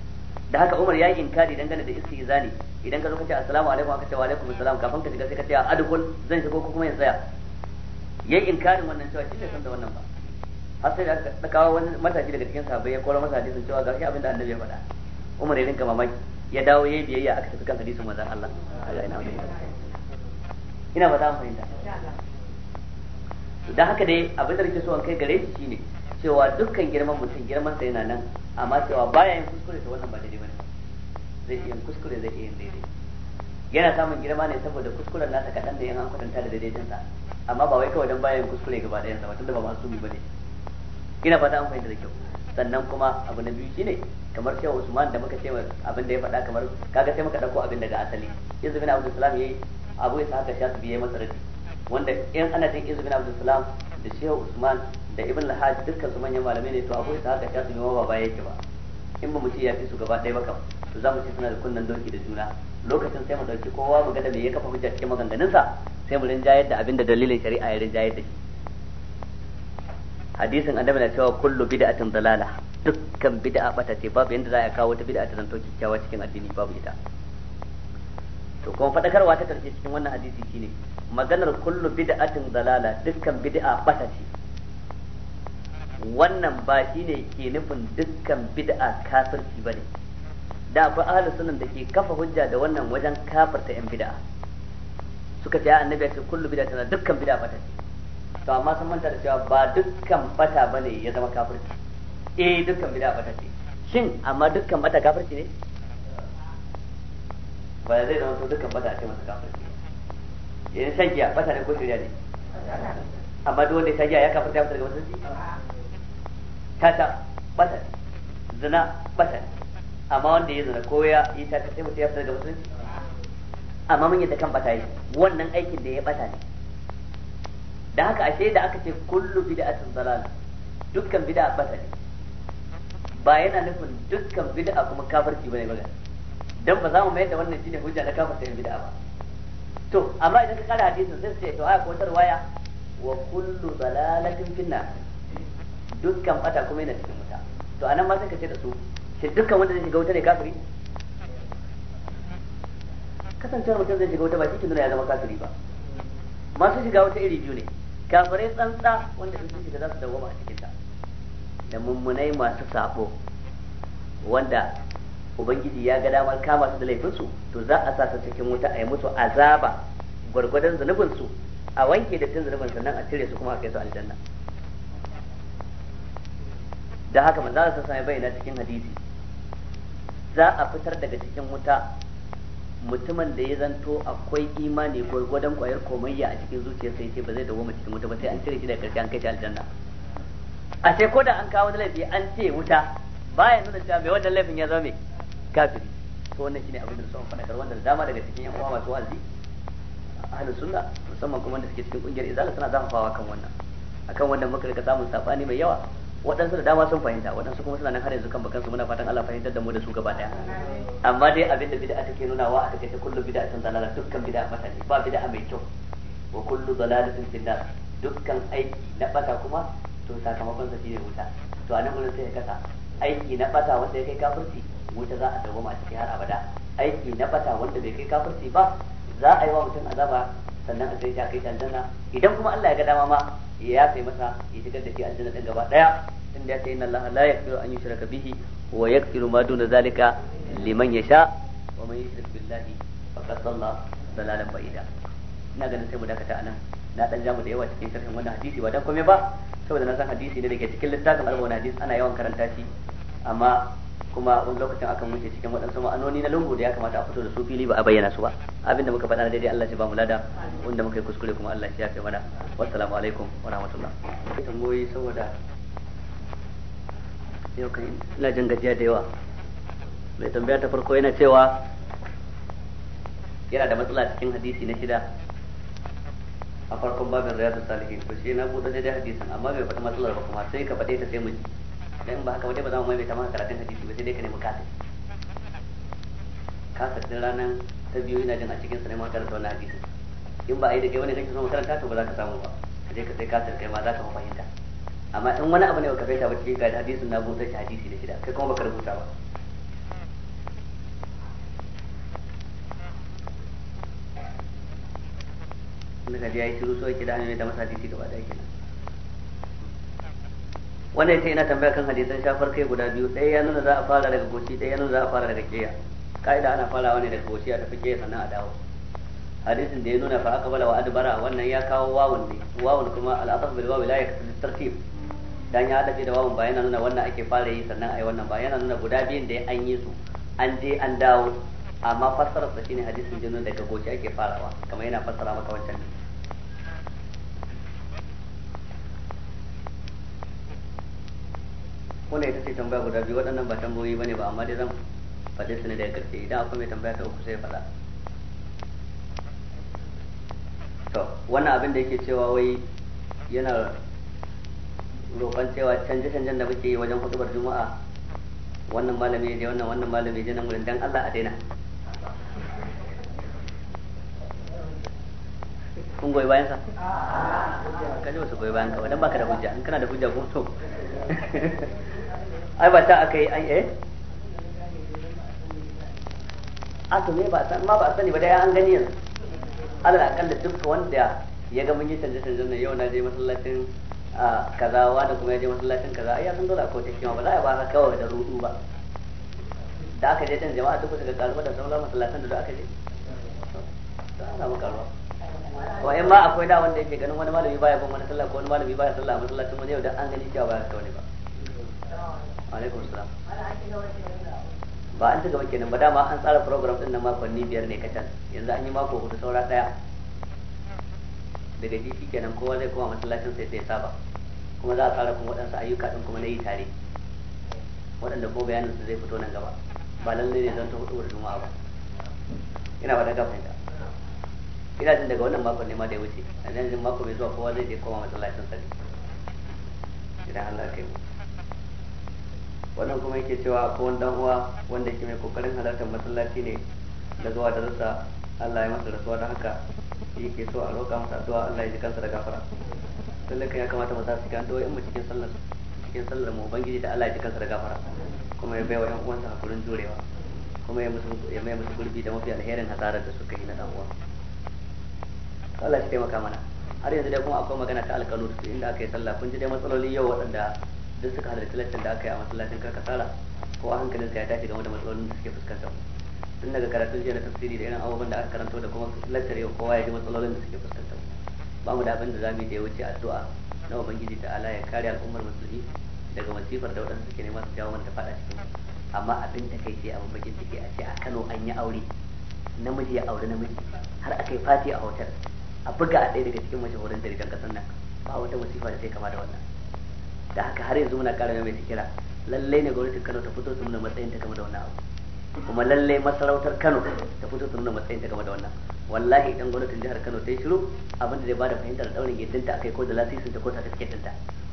da haka Umar ya yi inkari dangane da zani idan ka zo ka ce assalamu alaikum aka ce wa alaikum assalam kafin ka shiga sai ka ce adkhul zan shigo ko kuma in tsaya yayi inkarin wannan cewa shi ne san da wannan ba har sai da aka kawo wani mataki daga cikin sahabbai ya kora masa hadisin cewa ga shi abin da annabi ya faɗa Umar ya rinka mamaki ya dawo yayi biyayya aka tafi kan hadisin manzon Allah ina fata an fahimta da haka dai abin da nake so an kai gare shi shine cewa dukkan girman mutum girman sa yana nan amma cewa baya yin kuskure to wannan ba daidai bane zai iya kuskure zai iya yin daidai yana samun girma ne saboda kuskuren nasa kaɗan da yin an kwatanta da daidaitin sa amma ba wai kawai dan baya yin kuskure gaba ɗayan sa ba tunda ba ne. bane ina fata an fahimta da kyau sannan kuma abu na biyu shine kamar cewa Usman da muka ce abin da ya faɗa kamar kaga sai muka ɗauko abin daga asali yanzu bin Abdul Salam yayi Abu Isa haka shafi biye masa rabi wanda 'yan ana jin izinin abdul salam da shehu usman da ibn lahaj dukkan su manyan malamai ne to akwai isa haka su ma ba baya yake ba in ba mu ce ya fi su gaba ɗaya ba kam to za mu ce suna da kunnen doki da juna lokacin sai mu ɗauki kowa mu ga da me ya kafa hujja cikin maganganunsa sai mu rinjayar da abin da dalilin shari'a ya rinjayar da shi hadisin annabi na cewa kullu bid'atin dalala dukkan bid'a bata ce babu yanda za a kawo wata bid'a ta zanto kyakkyawa cikin addini babu ita to kuma faɗakarwa ta karshe cikin wannan hadisi shine maganar kullu bid'atin dalala dukkan bid'a bata ce wannan ba ne ke nufin dukkan bid'a kafirci ne, da akwai ahlus sunan da ke kafa hujja da wannan wajen kafirta yan bid'a suka ce annabi ya ce kullu bid'atin dukkan bid'a bata ce to amma sun manta da cewa ba dukkan bata bane ya zama kafirci eh dukkan bid'a bata ce shin amma dukkan bata kafirci ne ba zai zama dukkan bata a ce masa kafirci idan eh, shan giya ta da ko ne amma duk wanda ya sha giya ya kafa ta fita daga musulunci tata ta zina ta amma wanda ya zina ko ya yi ta sai mutum ya fita daga musulunci amma mun yadda kan bata yi wannan aikin da ya bata ne da haka ashe da aka ce kullu bid'atun dalal dukkan bid'a bata ne ba yana nufin dukkan bid'a kuma kafirci bane ba dan ba za mu mayar da wannan shine hujja na kafirta yin bid'a ba to amma idan ka kara hadisin sai sai to aya ko waya wa kullu dalalatin finna dukkan fata kuma yana cikin wuta to anan ma sai ka ce da su shi dukkan wanda zai shiga wuta ne kafiri kasancewar mutum zai shiga wuta ba shi kin nuna ya zama kafiri ba masu shiga wuta iri biyu ne kafirai tsantsa wanda in sun shiga za su ba a cikin ta. da mummunai masu sabo wanda ubangiji ya ga damar kama su da laifin su to za a sa su cikin wuta a yi musu azaba gwargwadon zunubin su a wanke da tun zunubin sannan a cire su kuma a kai su aljanna da haka manzo Allah sai bayyana cikin hadisi za a fitar daga cikin wuta mutumin da ya zanto akwai imani gwargwadon kwayar komayya a cikin zuciyar sai ce ba zai dawo cikin wuta ba sai an cire shi daga karshe an kai shi aljanna a sai ko da an kawo wani laifi an ce wuta baya nuna cewa mai wannan laifin ya zama mai kafiri to wannan shine abin da sun faɗa wanda da dama daga cikin yan uwa masu wazi ahlus sunna musamman kuma wanda suke cikin kungiyar izala suna zafafawa kan wannan akan wannan muka rika samun sabani mai yawa waɗansu da dama sun fahimta waɗansu kuma suna nan har yanzu kan bakansu muna fatan Allah fahimtar da mu da su gaba daya amma dai abin da bid'a take nunawa a take ta kullu bid'atun dalala dukkan bid'a fata ne ba bid'a mai kyau wa kullu dalalatin fil nar dukkan aiki na bata kuma to sakamakon sa shine wuta to anan mun sai ya kasa aiki na bata wanda ya kai kafirci wuta za a dawoma a cikin har abada aiki na bata wanda bai kai kafirci ba za a yi wa mutum azaba sannan a sai ta kai aljanna idan kuma Allah ya ga dama ma ya sai masa ya shigar da shi aljanna din gaba daya inda ya sai inna Allah la yaghfiru an yushraka bihi wa yaghfiru ma duna zalika liman yasha wa man yushrik billahi faqad dalla dalalan ba'ida ina ganin sai mu dakata anan na dan jamu da yawa cikin sharhin wannan hadisi ba dan komai ba saboda na san hadisi ne da ke cikin littafin alwa hadisi ana yawan karanta shi amma kuma wani lokacin akan mun cikin waɗansu ma'anoni na lungu da ya kamata a fito da su fili ba a bayyana su ba Abin da muka faɗa daidai Allah shi ba mu lada wanda muka yi kuskure kuma Allah shi ya kai mana wassalamu alaikum wa rahmatullah tamboyi saboda yau kan ina jin gajiya da yawa mai tambaya ta farko yana cewa yana da matsala cikin hadisi na shida a farkon babin riyadu salihin to shi na buɗe daidai hadisin amma bai faɗi matsalar ba kuma sai ka faɗe ta sai mu ji dan ba haka ba ba za mu maimaita ma karatun hadisi ba sai dai ka nemi kasir kasir din ranar ta biyu ina jin a cikin sa ne ma karanta wannan hadisi in ba a yi da kai wani kake so makaranta to ba za ka samu ba ka je ka sai kasir kai ma za ka fahimta amma in wani abu ne ka fahimta ba cikin kai hadisin na buta shi hadisi da shida kai kuma ba ka rubuta ba da ka ya yi shiru so yake da hanyoyi da masa hadisi gaba da kenan wannan yace ina tambaya kan hadisan shafar kai guda biyu ɗaya ya nuna za a fara daga goshi ɗaya ya nuna za a fara daga keya ka'ida ana farawa ne daga goshi a tafi keya sannan a dawo hadisin da ya nuna fa aka bala wa adbara wannan ya kawo wawun ne wawun kuma al'asaf bil wawi la yaqtadi tartib dan ya hada da wawun ba yana nuna wannan ake fara yi sannan ai wannan ba yana nuna guda biyun da an yi su an je an dawo amma fassarar sa shine hadisin da nuna daga goshi ake farawa kamar yana fassara maka wancan ne ne ita ce tambaya guda biyu waɗannan ba tambayoyi bane ba amma dai zan faɗe su ne daga ƙarshe idan akwai mai tambaya ta uku sai faɗa to wannan abin da yake cewa wai yana roƙon cewa canje-canjen da muke yi wajen hudubar juma'a wannan malami je wannan wannan malami je nan gurin dan Allah a daina kun goyi bayan sa wasu goyi bayan ka dan baka da hujja in kana da hujja ko to ai ba ta aka yi an yi eh? a to ne ba san ma ba sani ba dai an gani yanzu alal akalla duk wanda ya ga mun yi canje canje ne yau na je masallacin kaza wa da kuma ya je masallacin kaza ai ya san dole akwai tashi ba za a ba ka kawai da rudu ba da aka je can jama'a duk daga karuwa da sauran masallacin da aka je to ana ba karuwa ko in ma akwai da wanda yake ganin wani malami baya bin wani sallah ko wani malami baya sallah a masallacin mu ne da an gani cewa baya kawai ba alaikum salam ba an ci gaba kenan ba dama an tsara program din na makonni biyar ne kacal yanzu an yi mako hudu saura daya daga shi kenan kowa zai koma masallacin sai sai saba kuma za a tsara kuma waɗansu ayyuka din kuma na yi tare waɗanda ko bayanin su zai fito nan gaba ba lallai ne zan ta hudu juma'a ba ina ba daga fahimta ina jin daga wannan makon ne ma da ya wuce a yanzu mako mai zuwa kowa zai je koma masallacin sa ne idan Allah ya kai mu wannan kuma yake cewa akwai wani dan uwa wanda yake mai kokarin halartar masallaci ne da zuwa darussa Allah ya masa rasuwa da haka yake so a roƙa masa addu'a Allah ya ji kansa da gafara lallai kan ya kamata mu sa su kan doyin mu cikin sallar cikin sallar mu ubangiji da Allah ya ji kansa da gafara kuma ya baiwa yan uwansa hakurin jurewa kuma ya musu ya mai musu gurbi da mafi alherin hasarar da suka yi na dan uwa Allah ya taimaka mana har yanzu dai kuma akwai magana ta alƙalu inda aka yi sallah kun ji dai matsaloli yau waɗanda duk suka halarci lantin da aka yi a masallacin karkasara ko a hankalin sa ya tashi game da matsalolin da suke fuskanta tun daga karatun jiya na tafsiri da irin abubuwan da aka karanto da kuma lantar yau kowa ya ji matsalolin da suke fuskanta ba mu da abin da za mu yi da ya wuce addu'a na ubangiji ta ala ya kare al'ummar musulmi daga masifar da waɗansu suke neman su jawo wanda faɗa cikin amma abin da kai ce a bakin ciki a ce a kano an yi aure namiji ya aure namiji har aka yi fati a hotel a buga a ɗaya daga cikin mashahurin jaridar ƙasar nan ba wata masifa da yi kama da wannan da haka har yanzu muna ƙara mai kira lalle ne gwamnati Kano ta fito su nuna matsayin ta game da wannan abu kuma lalle masarautar Kano ta fito su nuna matsayin ta game da wannan wallahi idan gwamnatin jihar Kano ta yi shiru abin da zai bada fahimtar daurin gindin akai ko da lasisin ta ko certificate ta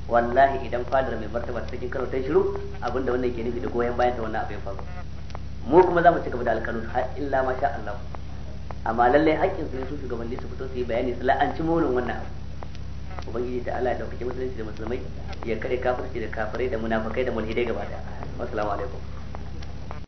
wallahi idan fadar mai martaba ta cikin Kano ta yi shiru abin da wannan ke nufi da goyon bayan ta wannan abin faru mu kuma za mu ci gaba da alkanu har illa ma sha Allah amma lalle haƙƙin su ne su shugabanni su fito su yi bayani su la'anci molin wannan abu ubangiji ta Allah ya dauke musulunci da musulmai ya kare kafirci da kafirai da munafikai da mulhidai gaba daya assalamu alaikum